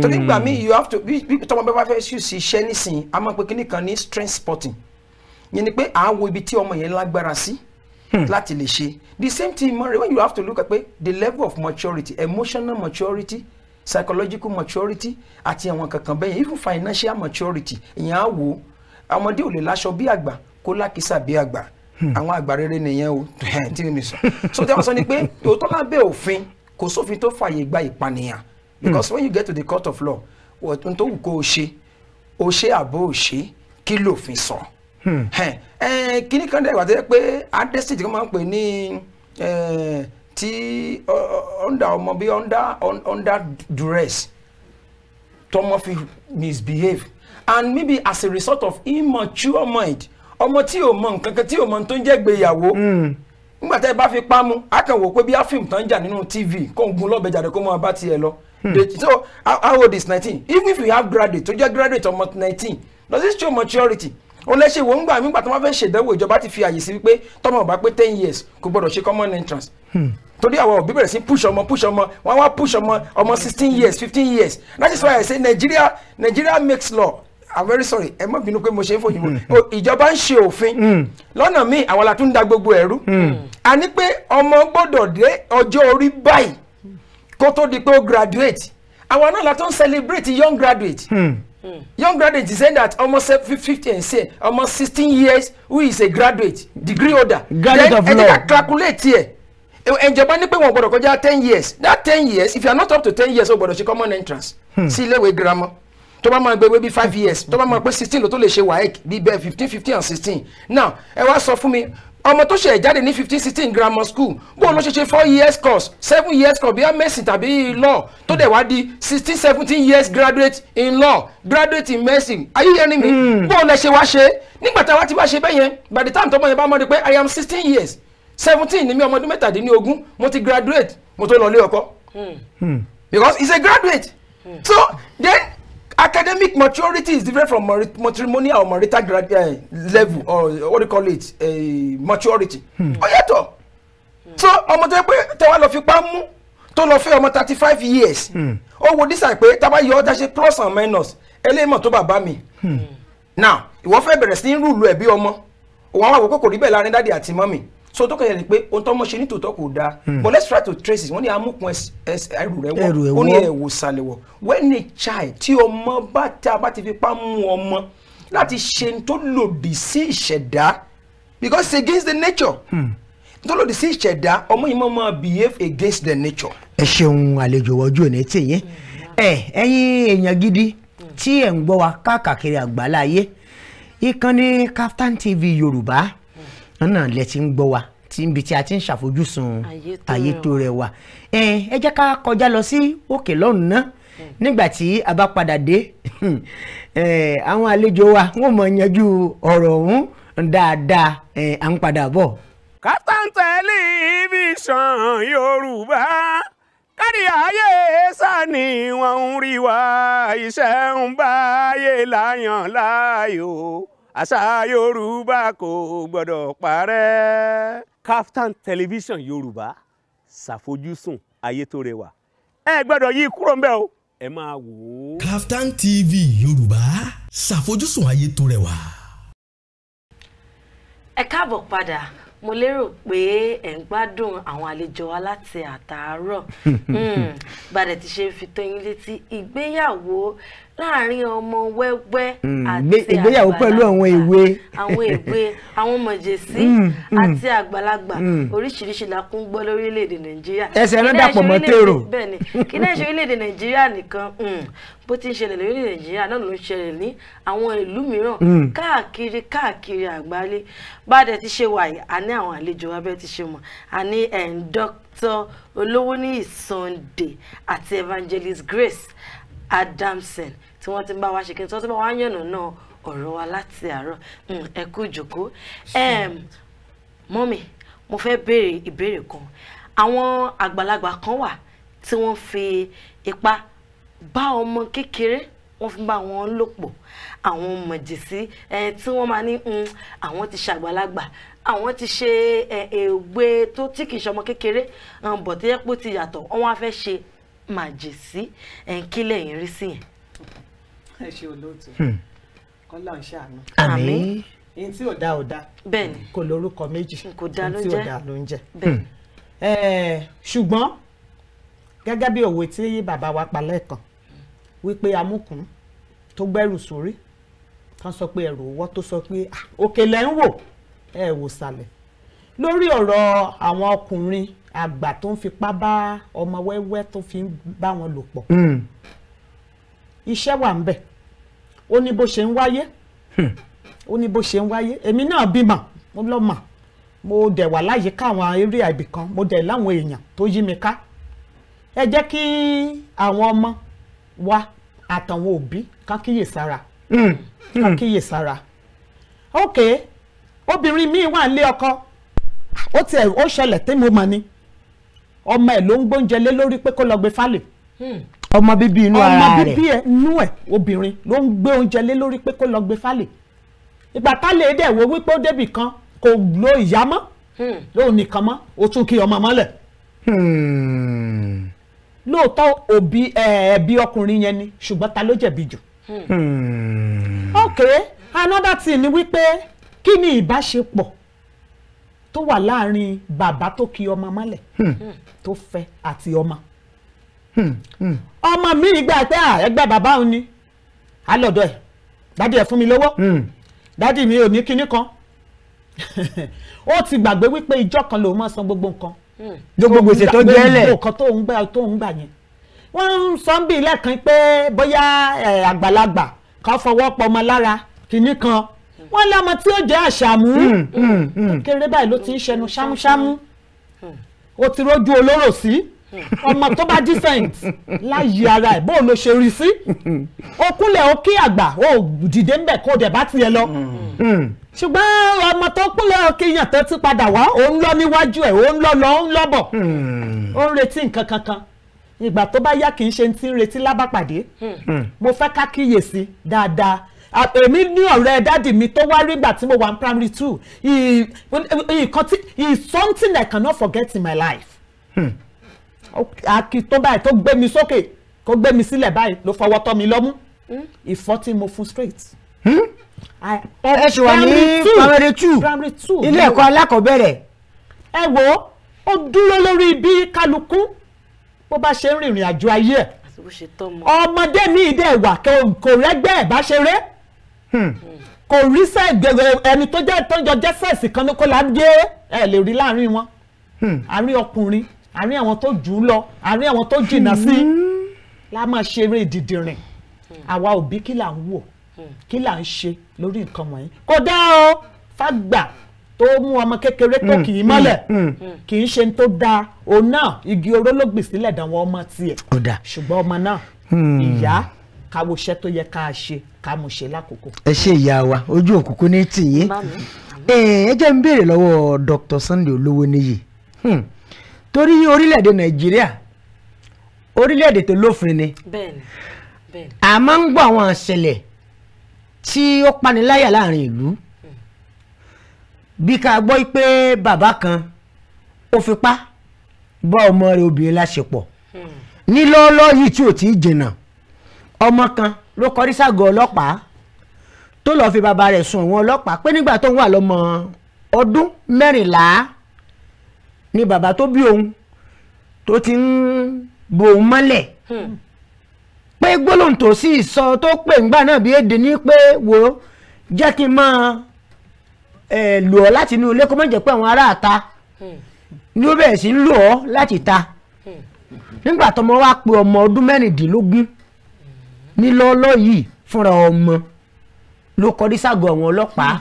torí gbà mí you have to bí tọmọ bá fẹ́ ṣiṣẹ́ nísìnyí a máa pe kíní kan ní strength sporting yẹn ni pé à ń wo ibi tí ọmọ yẹn lágbára sí hmm. láti lè ṣe the same thing mọ́rẹ̀ when you have to look at pé the level of maturity emotional maturity psychological maturity àti àwọn kankan bẹ́ẹ̀ even financial maturity èèyàn á wò ó ọmọdé ò lè láṣọ bí àgbà kó lákìsà bí àgbà hmm. àwọn àgbà rere nìyẹn o tí mi sọ so tí wọn sọ ni pé òótọ́ lábẹ́ òfin kò sófin tó fààyè gba ìpànìyàn hmm. because when you get to the court of law ohun tó wù kó o ṣe o ṣe àbó o ṣe kí lòfin sọ hmm. kíní kan dẹ̀ wà tó pé adẹ́sí tí wọ́n máa ń pè ní tí under ọmọ bíi under under duress tọmọ fi misbehave and maybe as a result of immature mind ọmọ tí ò mọ nǹkan kan tí ò mọ tó ń jẹ́ gbéyàwó hmm. nígbà tá ẹ bá fi pamọ́ a kàn wò pé bí áfíìmù tán ń jà nínú tv kó ń gun lọ́bẹ̀ jáde kó mọ́ abá tiẹ̀ lọ. Hmm. so how old is nineteen even if you have graduate tó jẹ́ graduate ọmọ nineteen does this show maturity ó lẹ́sẹ̀ wò ń gbà nígbà tó wọ́n fẹ́ ṣèdánwò ìjọba ti fi àyè sí wípé tọ́mọ bá pé ten years kò gbọ́dọ̀ ṣe common entrance. Hmm. torí àwọn òbí bẹ̀rẹ̀ sí push ọmọ push ọmọ wọn wá push ọmọ ọmọ sixteen years fifteen years that is why I say Nigeria Nigeria makes law i'm very sorry ẹ mọ̀ bínú pé mo ṣe é fòyìnbó hmm. ìjọba ń ṣe òfin hmm. lọ́nà míì àwọn la tún ń da gbogbo ẹ̀rú hmm. a ní pé ọmọ gbọ́dọ̀ dé ọjọ́ orí báyìí kó tó di pé ó graduate àwa náà la tún celebrate young graduate mm. young graduate is saying that ọmọ fifty and say ọmọ sixteen years who is a graduate degree holder graduate of law then ẹ jẹ́ ká calculate yẹ ìjọba ní pé wọn gbọ́dọ̀ kọjá ten years that ten years if you are not up to ten years o gbọ́dọ̀ ṣe common entrance sí iléèwé girama. Hmm tó bá máa gbé wé five years tó bá máa pé sixteen ló tó lè ṣe waec bí bẹ́ẹ̀ fifteen fifteen and sixteen now ẹ wá sọ fún mi ọmọ tó ṣe jáde ní fifteen sixteen grammar school bóun ló ṣe ṣe four years course seven years course bíi medicine tàbí law tó dẹ̀ wá di sixteen seventeen years graduate in law graduate in medicine are you hearing me hmm. bóun lẹ ṣe wá ṣe nígbà táwa ti bá ṣe bẹ́ẹ̀ yẹn by the time tọmọ yẹn bá mọ̀ de pé i am sixteen years seventeen ni mi ọmọ ọdún mẹ́tàdínlógún mo ti graduate mo tó lọ lé ọkọ hmm. Hmm. because he is a graduate so then academic maturity is different from matrimonial or marital graduate uh, level or what do you call it uh, maturity. Hmm. ó yàtọ̀ so ọmọ tó yẹ pé tẹwa lọ fipá mú tó lọ fẹ́ ọmọ thirty five years hmm. ó wo dísà pé tá a bá yọ ọ́ dáṣe plus and minus eléyìí mọ̀ tó bàbá mi hmm. now ìwọ fẹ́ bẹ̀rẹ̀ sí í rúlu ẹ̀ bí ọmọ òun àwọn àwòkọ́ kò rí bẹ́ẹ̀ láàrin dáàdi àti mọ́mì so tó kẹyẹ ni pé ohun tó mọ ṣe nítòótọ́ kò dáa hmm. but let's try to trace it wọ́n ní amúkun ẹrù rẹ̀ wọ́ ó ní ẹ̀wò sàlẹ̀ wọ̀ when a child tí ọmọ bá tá a bá ti fipá mú ọmọ láti ṣe tó lòdì sí ìṣẹ̀dá because it's against the nature hmm. tó lòdì sí ìṣẹ̀dá ọmọ yìí máa máa behave against the nature. ẹ ṣeun àlejò wọjú òní tìyín ẹ ẹ̀yin èèyàn gidi tí ẹ ń gbọ́ wa káàkiri àgbáláyé ìkànnì Kaftan TV Yorùbá náà lẹ ti ń gbọ́ wa tí ibi tí a ti ń ṣàfojúsùn ayé tó rẹwà ẹ jẹ́ ká kọjá lọ sí òkè lọ́hùn náà mm. nígbà tí a bá padà dé àwọn àlejò wa wọ́n mọ̀ yanjú ọ̀rọ̀ ọ̀hún dáadáa à ń padà bọ̀. Kaftan Television Yorùbá kárí ayé sani wọn ń rí wa iṣẹ́ ń bá ayé láyàn láàyò àṣà yorùbá kò gbọ́dọ̀ parẹ́. Kaftan television yorùbá ṣàfojúsùn ayé tó rẹwà ẹ gbọ́dọ̀ yí kúrò ńbẹ̀ o ẹ máa wò ó. Kaftan TV yorùbá ṣàfojúsùn ayé tó rẹwà. ẹ káàbọ̀ padà mo lérò pé ẹ̀ ń gbádùn àwọn àlejò wa láti àtàárọ̀ hmm, bàdẹ̀ ti ṣe fi tó yín létí ìgbéyàwó láàrin ọmọ wẹ́wẹ́ mm, àti ìgbéyàwó pẹ̀lú àwọn ìwé àwọn ìwé àwọn mọ̀jẹ̀sí mm, mm. àti àgbàlagbà oríṣiríṣi la kún gbọ́ lórílẹ̀‐èdè nàìjíríà ẹsẹ̀ náà dàpọ̀ mọ́ tèrò ni kí náà ṣe orílẹ̀‐èdè nàìjíríà nìkan bó ti ń ṣẹlẹ̀ lórí nàìjíríà náà ló ń ṣẹlẹ̀ ní àwọn ìlú mìíràn káàkiri káàkiri àgbáyé bá ti ṣe wàyí a àwọn àlejò abẹ́ ti ṣe mọ̀ a ní eh, olówó ní Sunday àti evangelist Grace Adamson tí wọ́n ti ń bá wa ṣe kí ni tí wọ́n ti ń bá wa yànnà náà ọ̀rọ̀ wa láti àárọ̀ hmm, ẹ kú ìjòkó mọ́mì mo fẹ́ béèrè ìbéèrè kan àwọn àgbàlagbà kan wà tí wọ́n fi ipá bá ọmọ kékeré wọ́n fi bá wọn lò pọ̀ àwọn mọ̀jẹ̀sí tí wọ́n máa ní hmm, àwọn ti ṣàgbàlagbà àwọn ti ṣe ègbé tó tí kì í ṣọmọ kékeré bọ̀tẹ́yẹ́pọ̀ ti yàtọ̀ wọ́n wá fẹ́ ṣe màjèsí kí lẹ́yìn rí sí yẹn ẹ ṣe olóòtú hmm. kọ́lá ń ṣàánú. àmín. ẹni tí ò dá ò dá. bẹ́ẹ̀ni kò lórúkọ méjì. kò dá ló ń jẹ ẹni tí ò dá ló ń jẹ. bẹ́ẹ̀ni. Hmm. ṣùgbọ́n gẹ́gẹ́ bí òwe tí bàbá wa pa lẹ́ẹ̀kan wípé amúkùn tó gbẹ́rù sórí kan sọ pé ẹ̀rù owó tó sọ pé òkè lẹ́ ń wò ẹ wò sàlẹ̀ lórí ọ̀rọ̀ àwọn ọkùnrin àgbà tó ń fipá bá ọmọ wẹ́wẹ́ tó fi ń bá wọn lò pọ̀ hmm. iṣẹ́ wà ń bẹ̀ ó ní bó ṣe ń wáyé hmm. ó ní bó ṣe ń wáyé èmi náà bímọ mo lọ mà mo dẹ̀ wà láyìíká àwọn eré àìbì mo dẹ̀ láwọn èèyàn tó yí mi ká ẹ jẹ́ kí àwọn ọmọ wa àtàwọn òbí ká kíyè sára hmm. ká hmm. kíyè sára ok obìnrin míì wà nílé ọkọ ó tiẹ̀ ó ṣẹlẹ̀ tí mo mọ̀ ni ọmọ ẹ̀ ló ń gbóúnjẹ lé lórí pé kó lọ gbé fálè ọmọ bíbí inú ara rẹ̀ ọmọ bíbí inú ẹ̀ obìnrin ló ń gbé oúnjẹ lé lórí pé kó lọ gbé fálè ìgbà tálẹ̀ dẹ̀ wo wípé ó débì kan kò lo ìyá mọ́ hmm. lóun nìkan mọ́ ó tún kí ọmọ mọ́lẹ̀ hmm. lóòótọ́ òbí ẹ̀ẹ́bí ọkùnrin yẹn ni ṣùgbọ́n ta ló jẹ̀bi jù. Hmm. ok another thing ni wípé kí ni ìbáṣepọ̀ tó wà láàrin bàbá tó kì ọmọ mọ́lẹ̀ tó fẹ́ àti ọmọ ọmọ mi ìgbà pé ah, ẹgbẹ́ bàbá òun ni alọ́dọ̀ ẹ̀ dádì ẹ̀ fún mi lówó hmm. dádì mi ò ní kinní kan ó ti gbàgbé wípé ìjọ kan lòun máa san gbogbo nǹkan hmm. gbogbo gbèsè tó jẹ́ lẹ̀ gbogbo nǹkan tó ń gbà tó ń gbà yẹn wọ́n ń sọ ń bì lẹ́ẹ̀kan pé bóyá àgbàlagbà kan fọwọ́ pọ̀ ọmọ lára kinní kan wọ́n lọ́mọ tí ó jẹ́ àṣàmú hmm, kéré báyìí ló ti ń ṣẹnu ṣámúṣámú ó ti rójú olóró sí. Si ọmọ tó bá decent láyé ara ẹ̀ bó ló ṣe rí sí okúnlẹ̀ òkè àgbà ó dìde ń bẹ̀ kó dẹ̀ bá tiẹ̀ lọ hmm. ṣùgbọ́n ọmọ tó kúnlẹ̀ òkè yàn tó ti padà wá òun lọ níwájú ẹ̀ òun lọ lọ òun lọ bọ̀ hmm. ó ń retí nǹkan kankan ìgbà tó bá yá kì í ṣe ti ń retí lábàpàdé hmm. mo fẹ́ ká kíyèsí dáadáa èmi ní ọ̀rẹ́ dáàdì mi tó wá rí ìgbà tí mo wà ní primary two is something I cannot forget in my life. Hmm akitó báyìí tó gbé mi sókè kó gbé mi sílẹ̀ báyìí ló fọwọ́ tọ́ mi lọ́mú hmm? ìfọ́ tí mo fún straight. Hmm? ẹ ṣì wà ní primary two ilé ẹ̀kọ́ alákọ̀ọ́bẹ̀rẹ̀. ẹ wo ó dúró lórí bí kálukú bó bá ṣe ń rìnrìn àjò ayé ẹ̀ ọmọdé mi ìdẹ́ ìwà kò rẹ́gbẹ́ ẹ̀ bá ṣeré hmm. kò rí sẹ́ẹ̀gbẹ̀rẹ̀ ẹni tó jẹ́ tó jọ jẹ́ sẹ́ẹ̀sì kan ní kó lágbé ẹ̀ lè rí láàrin wọn àárín ọkùnrin àárín àwọn tó jù ú lọ àárín àwọn tó jìnnà sí hmm. la máa ṣe eré dìdìrìn hmm. àwa òbí kí là ń wò hmm. kí là ń ṣe lórí nǹkan wọ̀nyí kò dá o fàgbà tó mú ọmọ kékeré tó kì í mọ́lẹ̀ kì í ṣe tó dáa òun náà igi oró ló gbìn sílẹ̀ dánwọ́ ọmọ tiẹ̀ ṣùgbọ́n ọmọ náà ìyá ká wo iṣẹ́ tó yẹ ká ṣe ká mo ṣe lákòókò. ẹ ṣe ìyá wa ojú òkùnkùn ní tìyín eh, ẹ jẹ́ ń béèrè lọ́wọ́ Dr. Sunday Olówóníyì torí orílẹ̀-èdè nàìjíríà orílẹ̀-èdè tó lófin ni a máa ń gbọ́ àwọn ìṣẹ̀lẹ̀ tí ó paniláyà láàrin ìlú bí ká gbọ́ pé bàbá kan ó fipá bá ọmọ rẹ̀ obìnrin láṣepọ̀ hmm. ní lọ́ọ́lọ́ yìí tí ò tí ì jìnnà ọmọ kan ló kọrí ságọ́ ọlọ́pàá tó lọ́ọ́ fi bàbá rẹ̀ sùn àwọn ọlọ́pàá pé nígbà tó ń wà lọ́mọ ọdún mẹ́rìnlá ni bàbá tó bí òun tó ti ń bo òun mọ́lẹ̀ hmm. pé gbólóhùn tó sì sọ tó pè ńgbà náà bí èdè ní pé wò ó jẹ́ kí n máa lò ọ́ láti inú ilé kó má jẹ́ pé àwọn ará àta hmm. ni ó bẹ̀rẹ̀ sí ń lò ọ́ láti ta hmm. nígbà tọmọ wa pé ọmọ ọdún mẹ́rìndínlógún nílọ́ọ́lọ́ yìí fúnra ọmọ ló kọrí ságọ́ àwọn ọlọ́pàá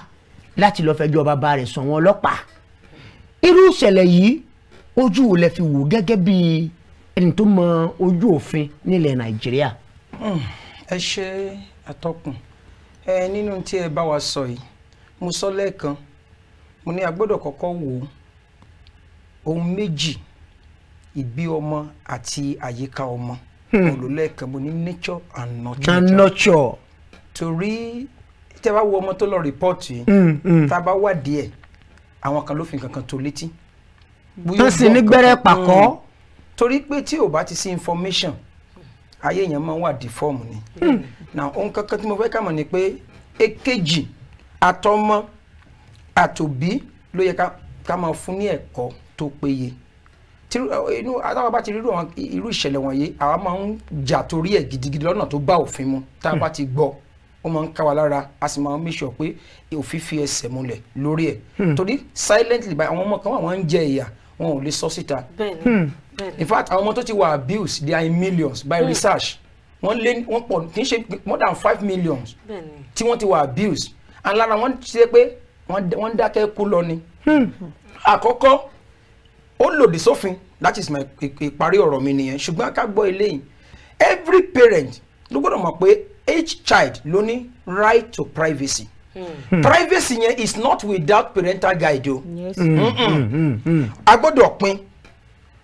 láti lọ́ọ́ fẹjọ́ bàbá rẹ̀ sùn ọlọ́pàá irú ìṣẹ̀lẹ̀ yìí ojú ò lè fi wò gẹ́gẹ́ bí ẹni tó mọ ojú òfin nílẹ̀ nàìjíríà. Hmm, ẹ ṣe àtọkùn ẹ nínú tí ẹ bá wa sọ yìí mo sọ lẹ́ẹ̀kan mo ní a gbọ́dọ̀ kọ́kọ́ wò ó ohun méjì ìbí ọmọ àti àyíká ọmọ hmm. olùlẹ́ẹ̀kan mo ní nature and nurture. and nurture. torí tẹ bá wo ọmọ tó lọ rìpọ́ọ̀tì yìí hmm, tá a bá wà díẹ̀ àwọn kan ló fi nǹkan kan tó létí. tó sì ní gbẹ́rẹ́ pàkọ́. Hmm. torí pé tí ò bá ti sí information ayé yẹn máa ń wà deform ni. Hmm. na ohun kankan tí mo fẹ́ kà mọ̀ ni pé èkejì àtọmọ àtòbí ló yẹ ká máa fún ní ẹ̀kọ́ tó péye inú àtàwọn bá ti rírú irú ìṣẹ̀lẹ̀ wọ̀nyí àwa máa ń jà torí ẹ̀ gidigidi lọ́nà tó bá òfin mu tá a bá ti gbọ́. Mm wọ́n máa ń ká wa lára a sì máa ń make sure pé òfin fi ẹsẹ̀ múlẹ̀ lórí ẹ̀ hmm. torí silently by àwọn ọmọ kan wà wọ́n ń jẹ ìyà wọn ò lè sọ síta hmm. in fact àwọn ọmọ tó ti wà abused they are in millions by mm. research wọ́n lé wọ́n pọ̀ kì í ṣe more than five millions tí wọ́n ti wà abused and lára wọn ti ṣe pé wọ́n ń dákẹ́ kú lọ ni hmm. àkọ́kọ́ ó lòdì sófin that is my ìparí ọ̀rọ̀ mi nìyẹn ṣùgbọ́n ká gbọ́ eléyìí every parent ló gbọ́dọ̀ mọ̀ pé each child ló ní right to privacy. Hmm. privacy yẹn is not without parental guide o. Hmm, hmm, hmm, a gbọ́dọ̀ pin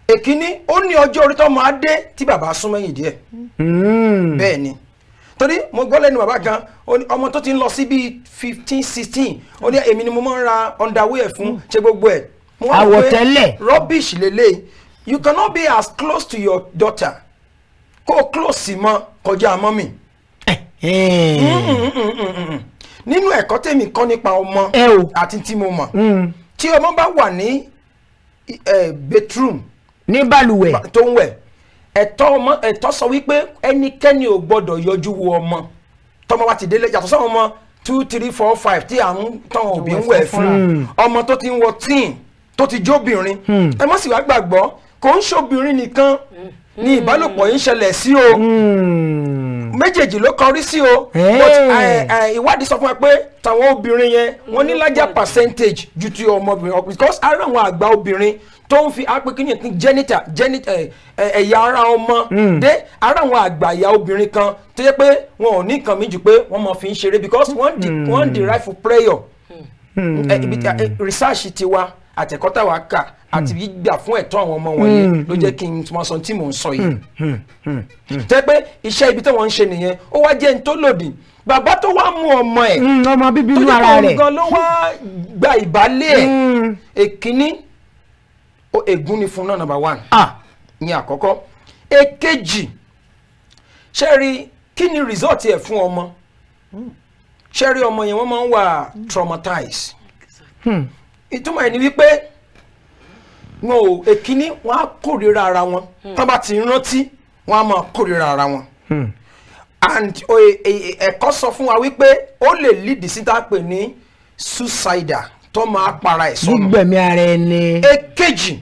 èkíní ó ní ọjọ́ orí tó máa dé tí bàbá sún mẹ́yìn díẹ̀ bẹ́ẹ̀ ni torí mo gbọ́ lẹ́nu bàbá kan ọmọ tó ti ń lọ sí bíi fifteen sixteen ó ní èmi ni mo máa ń ra underwear fún ṣe gbogbo ẹ̀ mo rubbish lélẹ̀ you cannot be as close to your daughter kó o close sí mọ́ kọjá mọ́mì. Hmm. nínú ẹ̀kọ́ tèmi kọ́ nípa ọmọ àti tí mo mọ̀ hmm. tí ọmọ bá wà ní bedroom ní balùwẹ̀ tó ń wẹ̀ ẹ̀tọ́ ọmọ ẹ̀tọ́ sọ wípé ẹnikẹ́ni ò gbọ́dọ̀ yọjú wo ọmọ tọmọ wa ti délé yàtọ̀ sọ́wọ́n ọmọ two three four five tí à ń tàn òbí ń wẹ̀ fún hmm. ọmọ tó ti ń wọ tíìn tó ti jóbìnrin ẹ má sì wá gbàgbọ́ kò ń ṣobìnrin nìkan ni ìbálòpọ̀ yìí ń ṣẹlẹ̀ sí o méjèèjì ló kọrí sí o eh, eh, ìwádìí sọ fún wa pé tàwọn obìnrin yẹn wọ́n ní mm. larger percentage ju ti ọmọbìnrin because ara àwọn àgbà obìnrin tó ń fi apikini kún genital genital eh, ẹ̀yà ara ọmọ mm. dé ara àwọn àgbà ìyá obìnrin kan tó yẹ pé wọn ò ní nǹkan mi jù pé wọ́n máa fi ń ṣeré because one, mm. derive for prayer research tiwa àtẹ̀kọ́ táwa kà àti hmm. gbígbà fún ẹ̀tọ́ àwọn ọmọ wọn yẹn hmm. ló jẹ́ kí n mọ sọ tí mò ń sọ yìí. tẹ́ pé iṣẹ́ ibi tí wọ́n ń ṣe nìyẹn ó wá jẹ́ n tó lòdì bàbá tó wá mú ọmọ ẹ̀ hmm, ọmọ bíbí inú ara rẹ̀ tó yẹ kó ló wá gba ìbálẹ̀ ẹ̀ èkíní ègún ni fún náà number one ní àkọ́kọ́ èkejì ṣe rí kí ni result ẹ̀ fún ọmọ ṣe rí ọmọ yẹn wọ́n máa ń wà traumatized ìtumọ̀ ẹ̀ ni wípé wọn ò èkíní wọn á kórìíra ara wọn tán bá ti rántí wọn á máa kórìíra ara wọn hmm. and e, e, ẹ̀kọ́ sọ fún wa wípé ó lè lídìí síta pè ní suicida tó máa para ẹ̀ sọnù. gbígbẹ̀mí ara ẹni. èkejì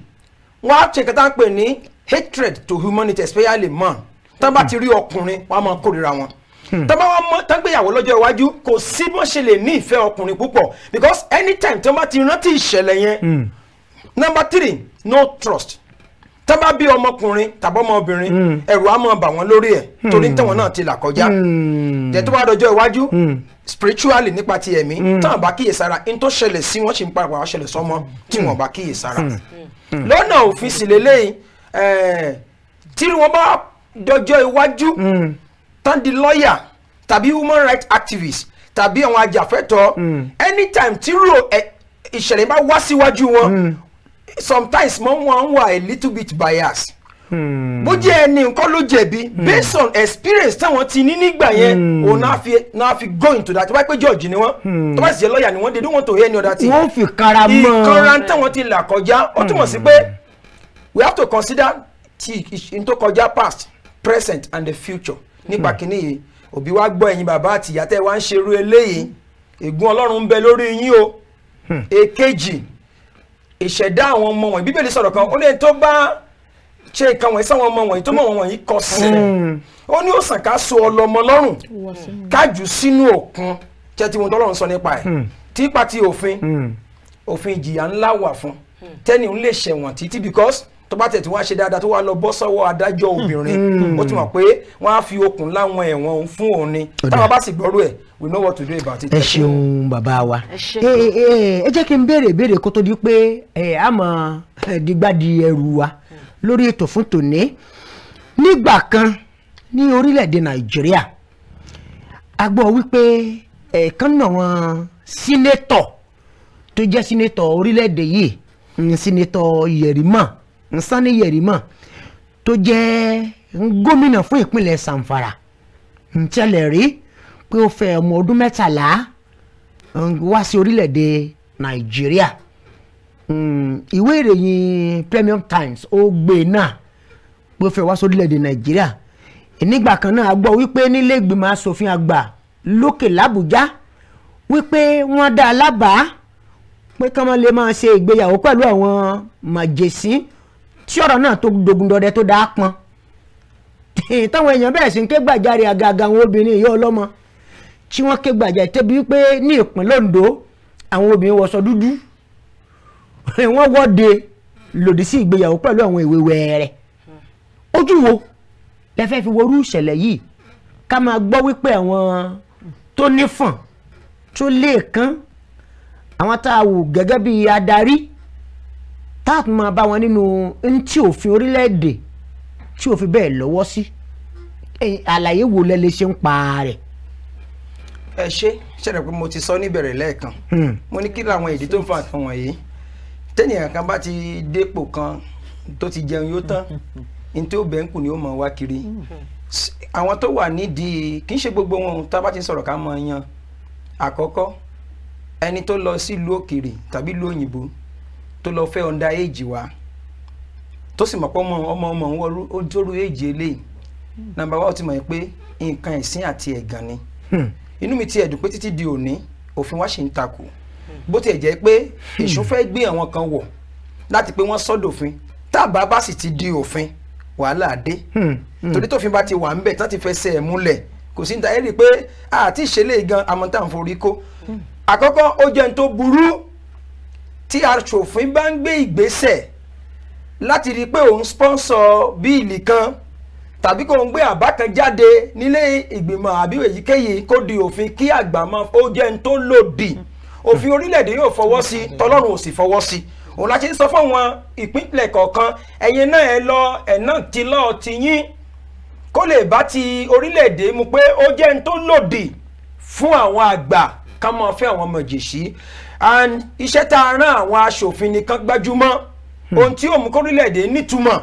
wọn á ṣe kẹta pè ní hatred to humanity especially man tán bá ti rí ọkùnrin wọn á máa kórìíra wọn. Hmm. tọ́ba wọn mọ tágbéyàwó lọ́jọ́ iwájú kò sí bọ́n ṣe lè ní ìfẹ́ ọkùnrin púpọ̀ because anytime tí wọ́n bá ti rántí ìṣẹ̀lẹ̀ yẹn hmm. number three no trust tó bá bí ọmọkùnrin tàbí ọmọbìnrin hmm. ẹ̀rù á máa bà wọ́n lórí ẹ̀ torí tẹ̀wọ̀n náà ti là kọjá jẹ́ tó bá dọjọ́ iwájú spiritually nípa ti ẹ̀mí táwọn bá kíyèsára in tó ṣẹlẹ̀ sí wọ́n sì ń parapọ̀ àwọn ṣẹlẹ̀ sọ́mọ tí wọ́n bá kíyèsára lọ́nà òfin sì lélẹ́yìn tí wọ́n bá dọjọ́ iwájú tán di lọ́ọ̀yà tàbí human rights activist tàbí àwọn ajàfẹ́tọ̀ọ́ hmm. anytime tí ro ìṣẹ̀lẹ̀ bá wá síwájú wọn hmm. sometimes mo wọn wà a little bit biased. Hmm. bó jẹ́ ẹni nǹkan ló jẹ̀bi hmm. based on experience táwọn ti ní nígbà yẹn òun náà fi náà fi go into that tó bá pé judge ni wọ́n tó bá sì jẹ́ lọ́ọ̀yà ni wọ́n they don't want to hear any other thing. wọ́n fi kara mọ́ ìkanra táwọn ti là kọjá ó túmọ̀ sí pé we have to consider ti n tó kọjá past present and the future nípa kínní yìí òbí wa gbọ́ ẹ̀yin bàbá àtìyá tẹ́ wá ń ṣerú eléyìí ègún ọlọ́run ń bẹ lórí yín o hmm. èkejì ìṣẹ̀dá àwọn ọmọ wọ̀nyí bíbélì sọ̀rọ̀ kan ó lè tó bá ṣe nǹkan wọ̀nyí sáwọn ọmọ wọ̀nyí tó mọ̀ wọ́n wọ̀nyí kọ sílẹ̀ hmm. ó ní òsàn ká so ọlọmọ lọ́rùn kájú sínú òkun jẹ́ tí wọn tọ́lọ́run sọ nípa ẹ̀ hmm. tí pati òfin òfin ìjìyà ńlá wà fún tẹ́ni ń lè ṣẹ̀wọ̀n títí because tó bá tẹ̀tí wọ́n á ṣe dáadáa tó wá lọ bọ́ sọ́wọ́ adájọ́ hmm. obìnrin ó ti mọ̀ pé wọ́n á fi okùn láwọn ẹ̀wọ̀n fún òun ni táwọn bá sì gbọ́rú ẹ̀ we know what to do about it. ẹ ṣeun bàbá wa ẹ eh, eh, eh, jẹ́ kí n béèrè ìbéèrè kó tó di pé ẹ á mọ dìgbàdì ẹrù wa lórí ètò fún tòní nígbà kan ní orílẹ̀-èdè nàìjíríà a gbọ́ wípé ẹ̀ẹ̀kan náà wọn sínétọ̀ tó jẹ́ sínétọ̀ orílẹ̀-èdè yìí hmm, sínétọ̀ yẹ̀rìmọ́ Sani Yerima tó jẹ́ gómìnà fún ìpínlẹ̀ Samfara ń tẹ́lẹ̀ rí pé ó fẹ́ ọmọ ọdún mẹ́tàlá wá sí orílẹ̀-èdè Nàìjíríà hmm, ìwé ìròyìn Premium Times ó gbé e náà pé ó fẹ́ wá sí orílẹ̀-èdè Nàìjíríà nígbà kan náà a gbọ́ wípé nílé ìgbìmọ̀ asòfin àgbà lókè l'Àbújá wípé wọ́n dá a lábàá pé kí wọ́n lè máa ṣe ìgbéyàwó pẹ̀lú àwọn màjèsín tí ọ̀rọ̀ náà tó dogundọdẹ tó dáa pọn táwọn èèyàn bẹ̀rẹ̀ sí ń ké gbàjarè àgàgà àwọn obìnrin ìyá ọlọ́mọ tí wọ́n ké gbàjarè tẹ́bi pé ní ìpínlẹ̀ Ondo àwọn obìnrin wọṣọ dúdú wọ́n wọ́de lòdì sí ìgbéyàwó pẹ̀lú àwọn ìwé wẹ̀ẹ̀rẹ̀ ojú wo lẹ fẹ́ fi worú ìṣẹ̀lẹ̀ yìí ká máa gbọ́ wípé àwọn tó nífọ̀n tó léèkán àwọn tá a wù gẹ́gẹ́ bíi adarí tá a tún máa bá wọn nínú ntí òfin orílẹ̀-èdè tí ò fi bẹ́ẹ̀ lọ́wọ́ sí àlàyé wo lẹ ṣe ń pa rẹ̀. ẹ ṣe ṣẹlẹ pé mo ti sọ níbẹ̀rẹ̀ lẹ́ẹ̀kan hmm. mo ní kí làwọn ìdí tó ń fa nǹkan wọ̀nyí tẹ́nìyàn kan bá ti dépò kan tó ti jẹun yóò tán hmm. ní tí ó bẹ́ẹ̀ ń kù ni ó máa wá kiri àwọn tó wà nídìí kì í ṣe gbogbo wọn tá a bá ti sọ̀rọ̀ ká máa yan àkọ́kọ́ ẹni tó lọ sílùú òkèèrè tàbí ìlú tó lọ fẹ́ ọ̀ndà éèjì wa tó sì mọ̀ pé ọmọ ọmọ ọmọ ń wọrú ó dórú éèjì eléyìí nàmbà wa ó ti mọ̀ pé nǹkan ẹ̀sìn àti ẹ̀gàn ni hmm. inú mi ti ẹ̀dùn pé títí di òní òfin wa ṣì ń takò bó tiẹ̀ jẹ́ pé èṣù fẹ́ gbé àwọn kan wọ̀ láti pé wọ́n sọ́dọ̀fin tábà bá sì ti di òfin wàhálà dé hmm. Hmm. torí tófin bá ti wà ń bẹ̀ tá ti fẹsẹ̀ ẹ̀ múlẹ̀ kò sí ní ta ẹ́ rí i pé àti ìṣẹ̀lẹ̀ gan amọ̀ntàn forí kó àkọ́kọ́ ó jẹun tó burú tí aṣòfin bá ń gbé ìgbésẹ̀ láti rí i pé òun sponsor bíìlì kan tàbí kò ń gbé àbá kan jáde nílé ìgbìmọ̀ àbí èyíkéyìí kó di òfin kí àgbà mọ ó jẹ́ ń tó lòdì òfin orílẹ̀-èdè yóò fọwọ́ sí tọlọ́run ò sì fọwọ́ sí òun la ṣe ń sọ fáwọn ìpínlẹ̀ kọ̀ọ̀kan ẹ̀yin náà ẹ lọ ẹ̀ náà ti lọ́ọ́ ti yín kó lè bá ti orílẹ̀-èdè mu pé ó jẹ́ ń tó lòdì fún àwọn àgbà ká mọ̀ fẹ́ àwọn ọmọ jèṣí and iṣẹ́ tá a rán àwọn aṣòfin nìkan gbájúmọ́ hmm. ohun tí ó mú kórílẹ̀-èdè nítumọ̀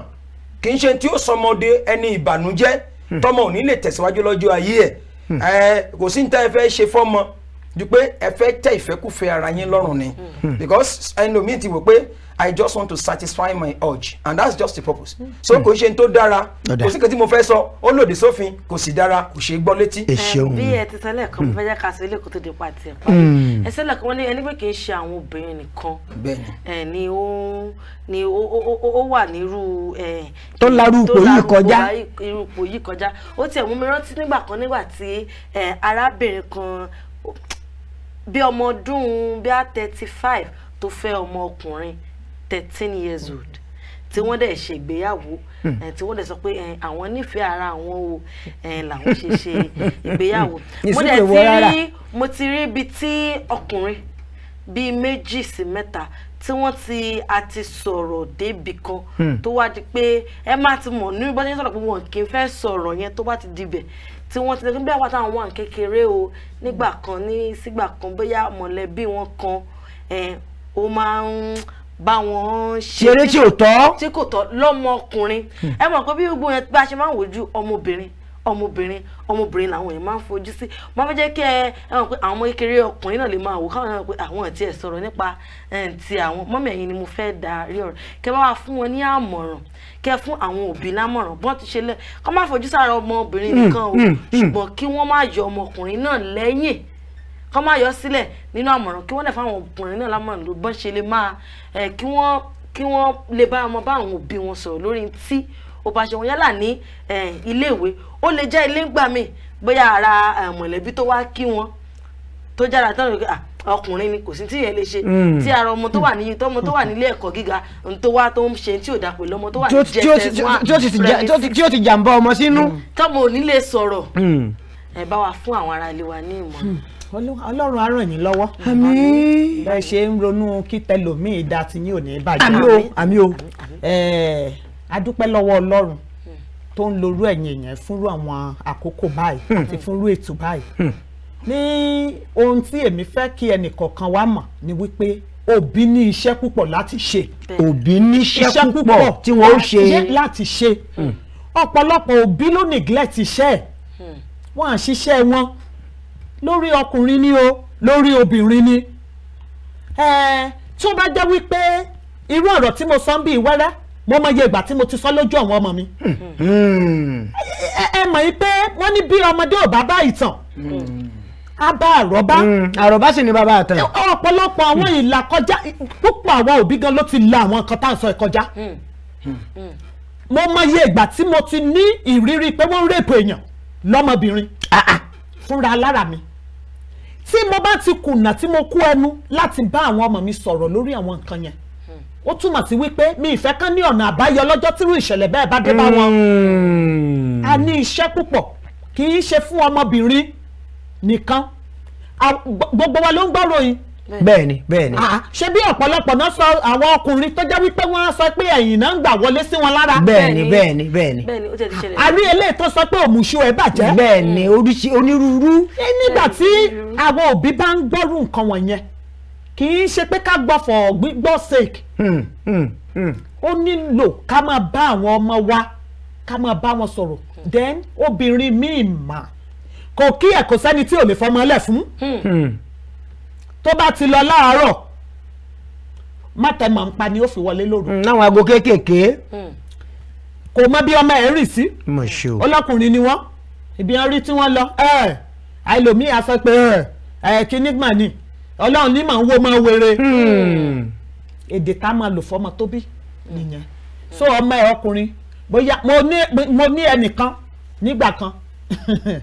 kì í ṣe tí ó sọmọdé ẹni ìbànújẹ́ hmm. tọmọ ò ní lè tẹ̀síwájú lọ́jọ́ ayé ẹ̀ hmm. kò sí ní tá ẹ fẹ́ ṣe fọ́mọ ju pé ẹ fẹ́ tẹ́ ìfẹ́kùfẹ́ ara yín lọ́rùn ni hmm. because ẹlòmíì ti wò pé i just want to satisfy my urge and that's just the purpose hmm. so kò ṣe n tó dára kò sí kan tí mo fẹ́ sọ ó lòdì sófin kò sì dára kò ṣe gbọ́ létí. bí ẹ ti tẹ́lẹ̀ kan hmm. fẹ́ jẹ́ ká sọ ilé kó tó di pàtì ẹ̀ pa ẹ sẹ́lẹ̀ kan wọ́n ní ẹni pé kì í ṣe àwọn obìnrin nìkan ni ó ni ó wà nírú tó larú ipò yìí kọjá irú ipò yìí kọjá ó tiẹ̀ mú mi rántí nígbà kan nígbà tí arábìnrin kan bí ọmọ ọdún bí a thirty five tó fẹ́ ọmọ ọkùnrin thirteen years old tí wọ́n dẹ̀ ṣègbéyàwó hmm. eh, tí wọ́n dẹ̀ sọ pé eh, àwọn nífẹ̀ẹ́ ara àwọn o eh, làwọn ṣe ṣe ìgbéyàwó mo dẹ̀ ti rí mo ti rí ibi tí ọkùnrin bíi méjì sí mẹ́ta tí wọ́n ti a ti sọ̀rọ̀ débi kan hmm. tó wá di pé ẹ má ti mọ̀ ní bọ́dé sọ̀rọ̀ pé wọn kì í fẹ́ sọ̀rọ̀ yẹn tó bá ti dibẹ̀ tí wọ́n ti ní bí àwọn àtàwọn wà kékeré o nígbà kan ní sígbà kan bóyá mọ̀lẹ́bí wọn kan ó máa ń bá wọn ṣe eré tí kò tọ́ tí kò tọ́ lọ́mọkùnrin hmm. ẹ mọ̀ pé bí gbogbo yẹn bá ṣe máa ń wojú ọmọbìnrin ọmọbìnrin ọmọbìnrin làwọn èèyàn máa ń fojú sí máa fẹ́ jẹ́ kí ẹ ẹ̀wọ̀n pé àwọn kékeré ọkùnrin náà lè máa wò káwọn náà pé àwọn àti ẹ̀ sọ̀rọ̀ nípa ti àwọn mọ́mí ẹ̀yìn ni mo fẹ́ dá rí ọ̀rọ̀ kẹ́ bá wa fún wọn ní àmọ̀ràn kẹ́ fún àwọn òbí lámọ̀ràn bọ́n ti ṣe lẹ́ kọ́ má fojú sára ọmọbìnrin hmm, nìkan o hmm, hmm. ṣùgbọ́n kí wọ́n má yọ ọmọkùnrin náà lẹ́yìn kọ́ má yọ sílẹ̀ nínú àmọ̀ràn kí wọ́n lè fáwọn ọkùnrin náà lámọ̀ràn ló bọ́n ṣe lè máa kí wọ́n kí wọ́n lè bá ọmọ bá àwọn òbí wọn sọ̀rọ̀ lórí tí ó bá ṣe wọn yálà ní iléèwé ó lè jẹ́ ilé ń gbà mí bóyá ara mọ̀lẹ́bí tó wá kí wọn tó jára tán lórí ọkùnrin ni kò sí tí yẹn lè ṣe hmm. tí ara ọmọ tó wà ní tọmọ tó wà nílé ẹ̀kọ́ gíga n tó wá tó ń ṣe tí ò dà pẹ̀lú ọmọ tó wà ní jẹsẹ wọn tí ó ti jàǹbá ọmọ sínú. Hmm. tọmọ ò ní hmm. ẹ bá wa fún àwọn ará ilé wa ní ìmọ̀ràn ọlọ́run á ràn yín lọ́wọ́. àmín. bẹ́ẹ̀ ṣe ń ronú kí tẹlòmíì dá ti yín ò ní bàjẹ́. o àmín o. adúpẹ́ lọ́wọ́ ọlọ́run tó ń lorú ẹ̀yìn ní ohun tí èmi fẹ́ kí ẹnìkọ̀ọ̀kan wa mọ̀ ni wípé òbí ní iṣẹ́ púpọ̀ láti ṣe. òbí ní iṣẹ́ púpọ̀ tí wọ́n ṣe láti ṣe. Hmm. ọ̀pọ̀lọpọ̀ òbí ló neglect iṣẹ́ ẹ̀ hmm. wọ́n à ṣiṣẹ́ wọn lórí ọkùnrin ni o lórí obìnrin ni. tí ó bá jẹ́ wípé irú ọ̀rọ̀ tí mo sọ ń bí ìwẹ́rẹ́ mo mọ iye ìgbà tí mo ti sọ lójú àwọn ọmọ mi. Hmm. ẹ mọ̀ yín pé wọ́n ní bí ọmọdé ò bá bá ìtàn á bá àrọ́bá. Mm, àrọ́bá sì ni bàbá àtàn. ọ̀pọ̀lọpọ̀ àwọn mm. ìlàkọjá púpọ̀ àwa òbí gan ló ti la àwọn nǹkan tá à ń sọ ìkọjá. Mm. mo mọ iye ìgbà tí mo ti ní ìrírí pé wọ́n ń rèpò èèyàn lọ́mọbìnrin ah, ah. fúnra lára mi tí mo bá ti kùnà tí mo kú ẹnu láti bá àwọn ọmọ mi sọ̀rọ̀ lórí àwọn nǹkan yẹn ó túmọ̀ sí wípé mi ìfẹ́ kán ní ọ̀nà àbáyọ lọ́jọ́ tírú ìṣẹ̀lẹ̀ bẹ́ẹ̀ bá dé bá wọn. a ní iṣẹ́ púpọ̀ kì í ṣe fún ọmọbìnrin nìkan gbogbo wa ló ń gbọ́ ròyìn bẹ́ẹ̀ni bẹ́ẹ̀ni. Ah, ṣé bí ọ̀pọ̀lọpọ̀ náà sọ àwọn ọkùnrin tó jẹ́ wípé wọ́n sọ pé ẹ̀yìn náà ń gbà wọlé sí wọn lára. bẹ́ẹ̀ni bẹ́ẹ̀ni bẹ́ẹ̀ni. a rí eléyìí tó sọ pé òmùṣù ẹ̀ bàjẹ́. bẹ́ẹ̀ni hmm. oríṣi onírúurú. nígbà tí àwọn òbí bá ń gbọ́rù nǹkan wọ̀nyẹn kì í ṣe pé ká gbọ́ fọ̀ gbígbọ́ sake. Hmm, hmm, ó nílò ká máa bá àwọn ọmọ wa ká máa bá wọn sọ̀rọ̀ then obìnrin míì máa kò kí ẹ̀ kò sẹ́ni tí omi fọmọ lẹ̀ fún hmm. tó bá ti lọ láàárọ̀ mọ́tẹ́ mọ̀ ń pa ni ó fi wọlé lóru. náwọn hmm, aago kéékèèké. Hmm. kò mọ bí ọmọ ẹ̀ rìn sí. ọlọ́kùnrin ni wọ́n ibi wọn rí tí wọ́n lọ àìlòmíì á sọ pé kíní gbọ̀n ni ọlọ́run ní màá wo máa wéré èdè tá a máa lò fọmọ tó bí nìyẹn so ọmọ ẹ̀ ọkùnrin mo ní ẹnìkan nígbà kan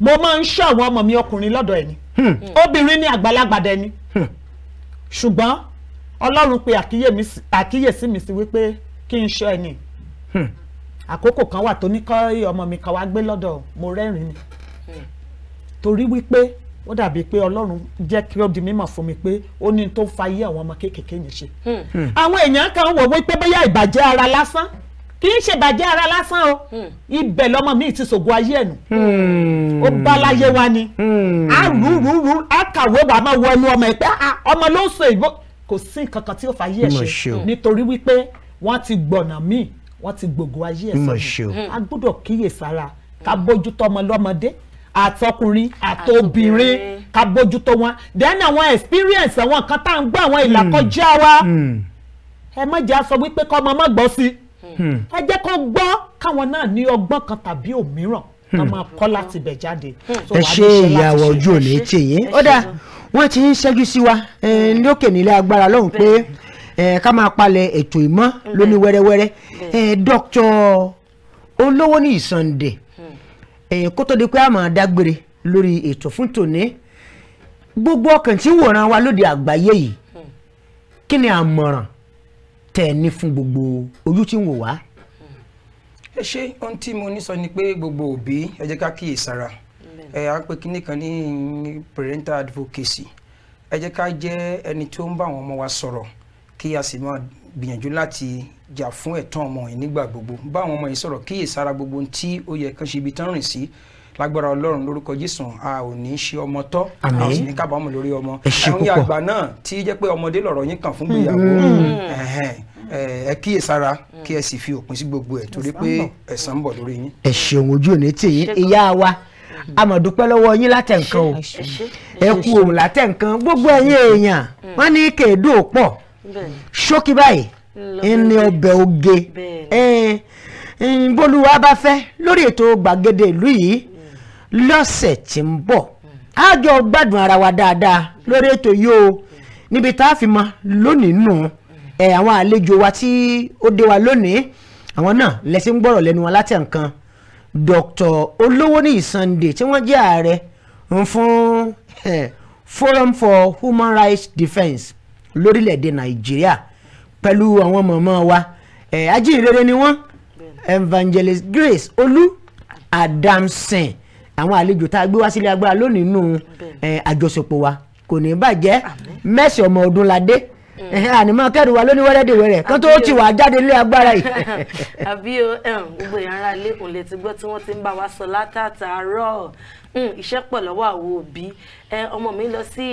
mo máa ń ṣọ́ àwọn ọmọ mi ọkùnrin lọ́dọ̀ ẹ̀ ni hmm. obìnrin ni àgbàlagbà dẹ̀ ni hmm. ṣùgbọ́n ọlọ́run pe àkíyèsí mi sí wípé kí n ṣọ́ ẹni hmm. àkókò kan wà tó ní kọ́ ọmọ mi kan wá gbé lọ́dọ̀ mo rẹ́rìn ni torí wípé ó dàbí pé ọlọ́run jẹ́ kí ó di mímọ̀ fún mi pé ó ní tó fa iye àwọn ọmọ kéékèèké yẹn ṣe àwọn èèyàn kan wò wípé bóyá ìbàjẹ́ ara lásán kì í ṣe bàjẹ́ ara lásán o hmm. ibẹ̀ lọmọ mi ti sògùn ayé ẹ̀nu hmm. ó bá láyé wa ni hmm. a rú rú rú a kàwé wàá máa wọ ẹnu ọmọ ẹ pé ah, ọmọ ló ń sọ ìbò kò sí nǹkan kan tí ó fa ayé ẹ̀ ṣe nítorí wípé wọ́n ti gbọ̀nà míì wọ́n ti gbògo ayé ẹ̀ sọ́yìn a gbọ́dọ̀ kíyèsára ká bójútó ọmọ lọ́mọdé àtọkùnrin àtobìnrin ká bójútó wọn then àwọn experience àwọn kan tá à ń gbọ́ àwọn ìlàkọjá wa ẹ má jẹ́ a wípé kọ́ ọmọ má gbọ́ sí i. Hmm. ẹ jẹ́ kó gbọ́ káwọn náà ní ọgbọ́n kan tàbí òmíràn ká hmm. máa kọ́ láti bẹ̀ jáde. Hmm. ẹ ṣe ìyàwó ojú òní tì yín ó dáa wọ́n ti ń ṣẹ́jú sí wa lókè nílé agbára lọ́hùn pé ká máa palẹ̀ ètò ìmọ̀ lóní wẹ́rẹ́wẹ́rẹ́ dr olówó ní Sunday kó tó di pé a máa dágbére lórí ètò fún tòní gbogbo ọkàn tí wòran wa lóde àgbáyé yìí kí ni àmọ̀ràn tẹ́ ẹ ní fún gbogbo ojú tí ń wò wá. ẹ ṣe ohun tí mo ní sọ ni pé gbogbo òbí ẹ jẹ́ ká kíyèsára ẹ á pè kínní kan ní parental advocacy ẹ jẹ́ ká jẹ́ ẹni tó ń bá àwọn ọmọ wa sọ̀rọ̀ kí a sì máa gbìyànjú láti jà fún ẹ̀tọ́ ọmọ yìí nígbà gbogbo bá àwọn ọmọ yìí sọ̀rọ̀ kíyèsára gbogbo ohun tí ó yẹ kán ṣe ibi tán rìn sí. Si lágbára ọlọ́run lórúkọ jésù a ò ní í ṣe ọmọ tọ́ a ò sì ní kábàámọ̀ lórí ọmọ ẹ̀hún yà àgbà náà tí jẹ́ pé ọmọdé lọ̀rọ̀ yín kàn fún gbéyàwó mm-hmm. ẹ kíyè sára kí ẹ sì fi òpin sí gbogbo ẹ torí pé ẹ̀san ń bọ̀ lórí yín. ẹ ṣeun ojú òní tì yín ìyá wa a máa yín látẹ̀ǹkan o ẹ kú òun látẹ̀ǹkan gbogbo ẹ̀yin èèyàn mm. wọ́n ní kèédú pọ̀ ṣókí báyìí ẹni ọbẹ̀ oge bólúwa bá fẹ́ lórí ètò gbàgede ìlú yìí lọ́sẹ̀ tí ń bọ̀ á jọ gbádùn ara wa dáadáa lórí ètò yìí o níbi tá a fi mọ lónìí nù ẹ àwọn àlejò wa tí ó dé wa lónìí àwọn náà lẹsí ń gbọ́rọ̀ lẹ́nu wọn látẹ̀ nǹkan Dr. Olówóníyì Sunday tí wọ́n jẹ́ ààrẹ fún Forum for Human Rights Defence lórílẹ̀‐èdè Nàìjíríà pẹ̀lú àwọn mọ̀mọ́ wa eh, ajínrere ni wọ́n Evangelist Grace Olú Adamson àwọn àlejò tá a gbé wá sílé agbára lónìí nù eh, àjọṣepọ̀ wa kò ní bàjẹ́ Mercy ọmọ Ọdúnladé mm. eh, ànímọ́ kẹ́rù wa lónìí wẹ́rẹ́dẹ̀wẹ́rẹ́ kan tó ti wà jáde lé agbára yìí. àbí o gbogbo ìyára ilé lè ti gbọ́ tí wọ́n ti ń bá wa sọ látàtàárọ̀ Mm. iṣẹ́ pọ̀ lọ́wọ́ àwọn òbí ọmọ mi lọ sí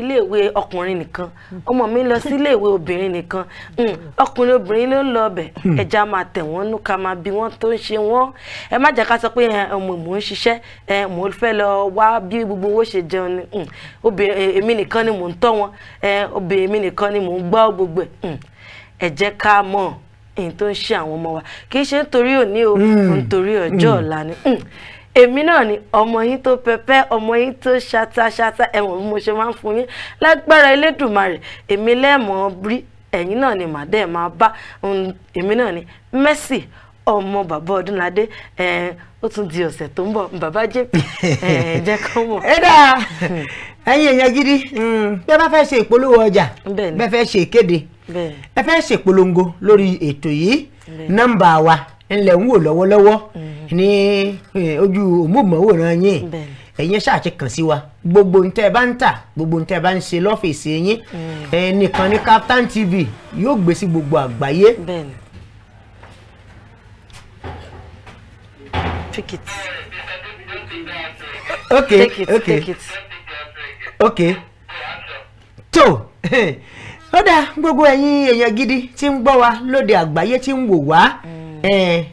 iléèwé ọkùnrin nìkan mm. ọmọ mi lọ sí iléèwé obìnrin nìkan mm. ọkùnrin obìnrin ló ń lọ ọbẹ̀ ẹja máa tẹ̀ wọ́n nú ká máa bí wọ́n tó ń ṣe wọ́n ẹ má jẹ́ ká sọ pé ọmọ mò ń ṣiṣẹ́ mò ń fẹ́ lọ wá bí gbogbo owó ṣe jẹun ni obìnrin e, èmi nìkan ni mò ń tọ́ wọn obìnrin mi nìkan ni mò ń gbọ́ gbogbo ẹ̀ ẹ jẹ́ ká mọ̀ èyí tó ń ṣe àwọn ọmọ wa kì í ṣe nítorí òní o nítorí ọjọ́ ọ̀la ni. èmi náà ni ọmọ yín tó pẹpẹ ọmọ yín tó ṣatáṣatá ẹwọn bí mo ṣe máa ń fún yín lágbára elédùnmarè èmi lẹ́ẹ̀mọ́ rí ẹ̀yin náà ni màdẹ́ẹ̀ máa bá èmi náà ni Mercy ọmọ bàbá Ọdúnládé ó tún di ọ̀sẹ̀ tó ń bọ̀ bàbá jp jẹ́ kó mọ̀. ẹ dáa ẹ̀yin èèyàn gidi mm. bí ẹ bá fẹ́ ṣe ìpolówó ọjà bẹ́ẹ̀ fẹ́ ṣe ìkéde ẹ fẹ́ ṣe ìpolongo lórí ètò yìí nọmba wa ńlẹ̀ ń wò lọ́wọ́lọ́wọ́ mm. ní ojú òmùmọ̀wòrán yín ẹ̀yin ṣáà ti kàn sí wa gbogbo ntẹ́ bá ń tà gbogbo ntẹ́ bá ń ṣe lọ́fíìsì yín mm. ẹnìkan ní Kaftan TV yóò gbé sí gbogbo àgbáyé. Take it. Okay, okay. Okay. tó ó dá gbogbo ẹ̀yin èèyàn gidi tí ń gbọ́ wa lóde àgbáyé tí ń wò wá. Mm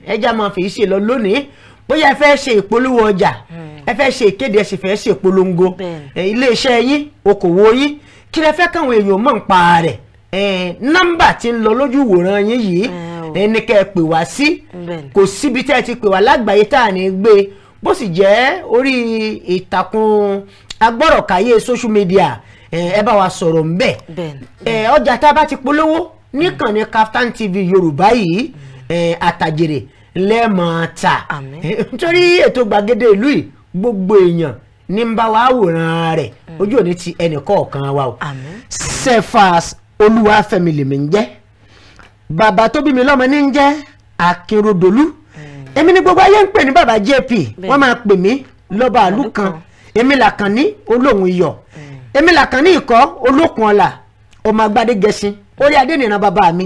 ẹja máa fi ṣe lọ lónìí bóyá ẹ fẹ́ ṣe ìpolówó ọjà ẹ fẹ́ ṣe ìkéde ẹ sì fẹ́ ṣe ìpolongo iléeṣẹ́ yín okòwò yín kí lẹ fẹ́ káwọn èèyàn mọ̀ ń pa rẹ̀ nọ́mbà tí ń lọ lójú ìwòran yín yìí ẹni kẹ́ ẹ pè wá sí kò síbi tẹ́ ẹ ti pè wá lágbàáyé tá à ní gbé bó sì jẹ́ orí ìtàkùn agbọ́rọ̀káyé social media ẹ bá wa sọ̀rọ̀ ńbẹ̀ ọjà tá a bá ti polówó níkànnì Kaftan TV Yorùbá yìí àtàjèrè lẹ́ẹ̀mọ́ ta nítorí ètò gbàgede ìlú yìí gbogbo èèyàn ní ń bá wa àwòrán rẹ̀ mm. ojú òní ti ẹnì kọ̀ọ̀kan wa o Cephas Olúwafẹ́mi lèmi ń jẹ́ bàbá tó bí mi lọ́mọ ní ń jẹ́ Akínrodolú mm. èmi ni gbogbo ayé ń pè ní bàbá JP wọ́n máa pè mí lọ́ba àlù kan èmi làkàn ní olóhùn iyọ̀ mm. èmi làkàn ní ikọ̀ olókun ọ̀la ọmọ agbádé gẹṣin orí adé nìran bàbá mi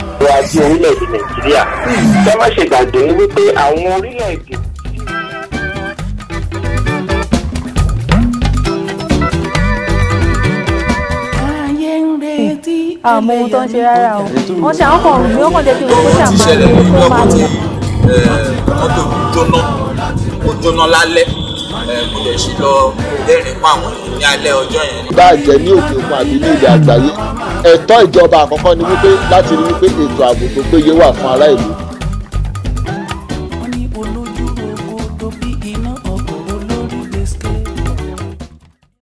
ọrọ̀ ajé orílẹ̀-èdè nàìjíríà kí wọ́n ṣe gbàgbé wípé àwọn orílẹ̀-èdè àmọ́ ah, ohun tó ń ṣe rárá o wọ́n ṣe àwọn kan rò ó kàn jẹ́ kí wọ́n ṣe àmọ́ àwọn tó máa ń lò. mọ́tò eh, jóná lálẹ́ kò lè ṣe lọ lẹ́rìn pa àwọn èèyàn ní alẹ́ ọjọ́ yẹn. bá a jẹ ní òkè òkun àbí ní ilẹ̀ àgbáyé ẹ̀tọ́ ìjọba àkọ́kọ́ ni wípé láti rí wípé ètò ààbò tó péye wà fún ará ìlú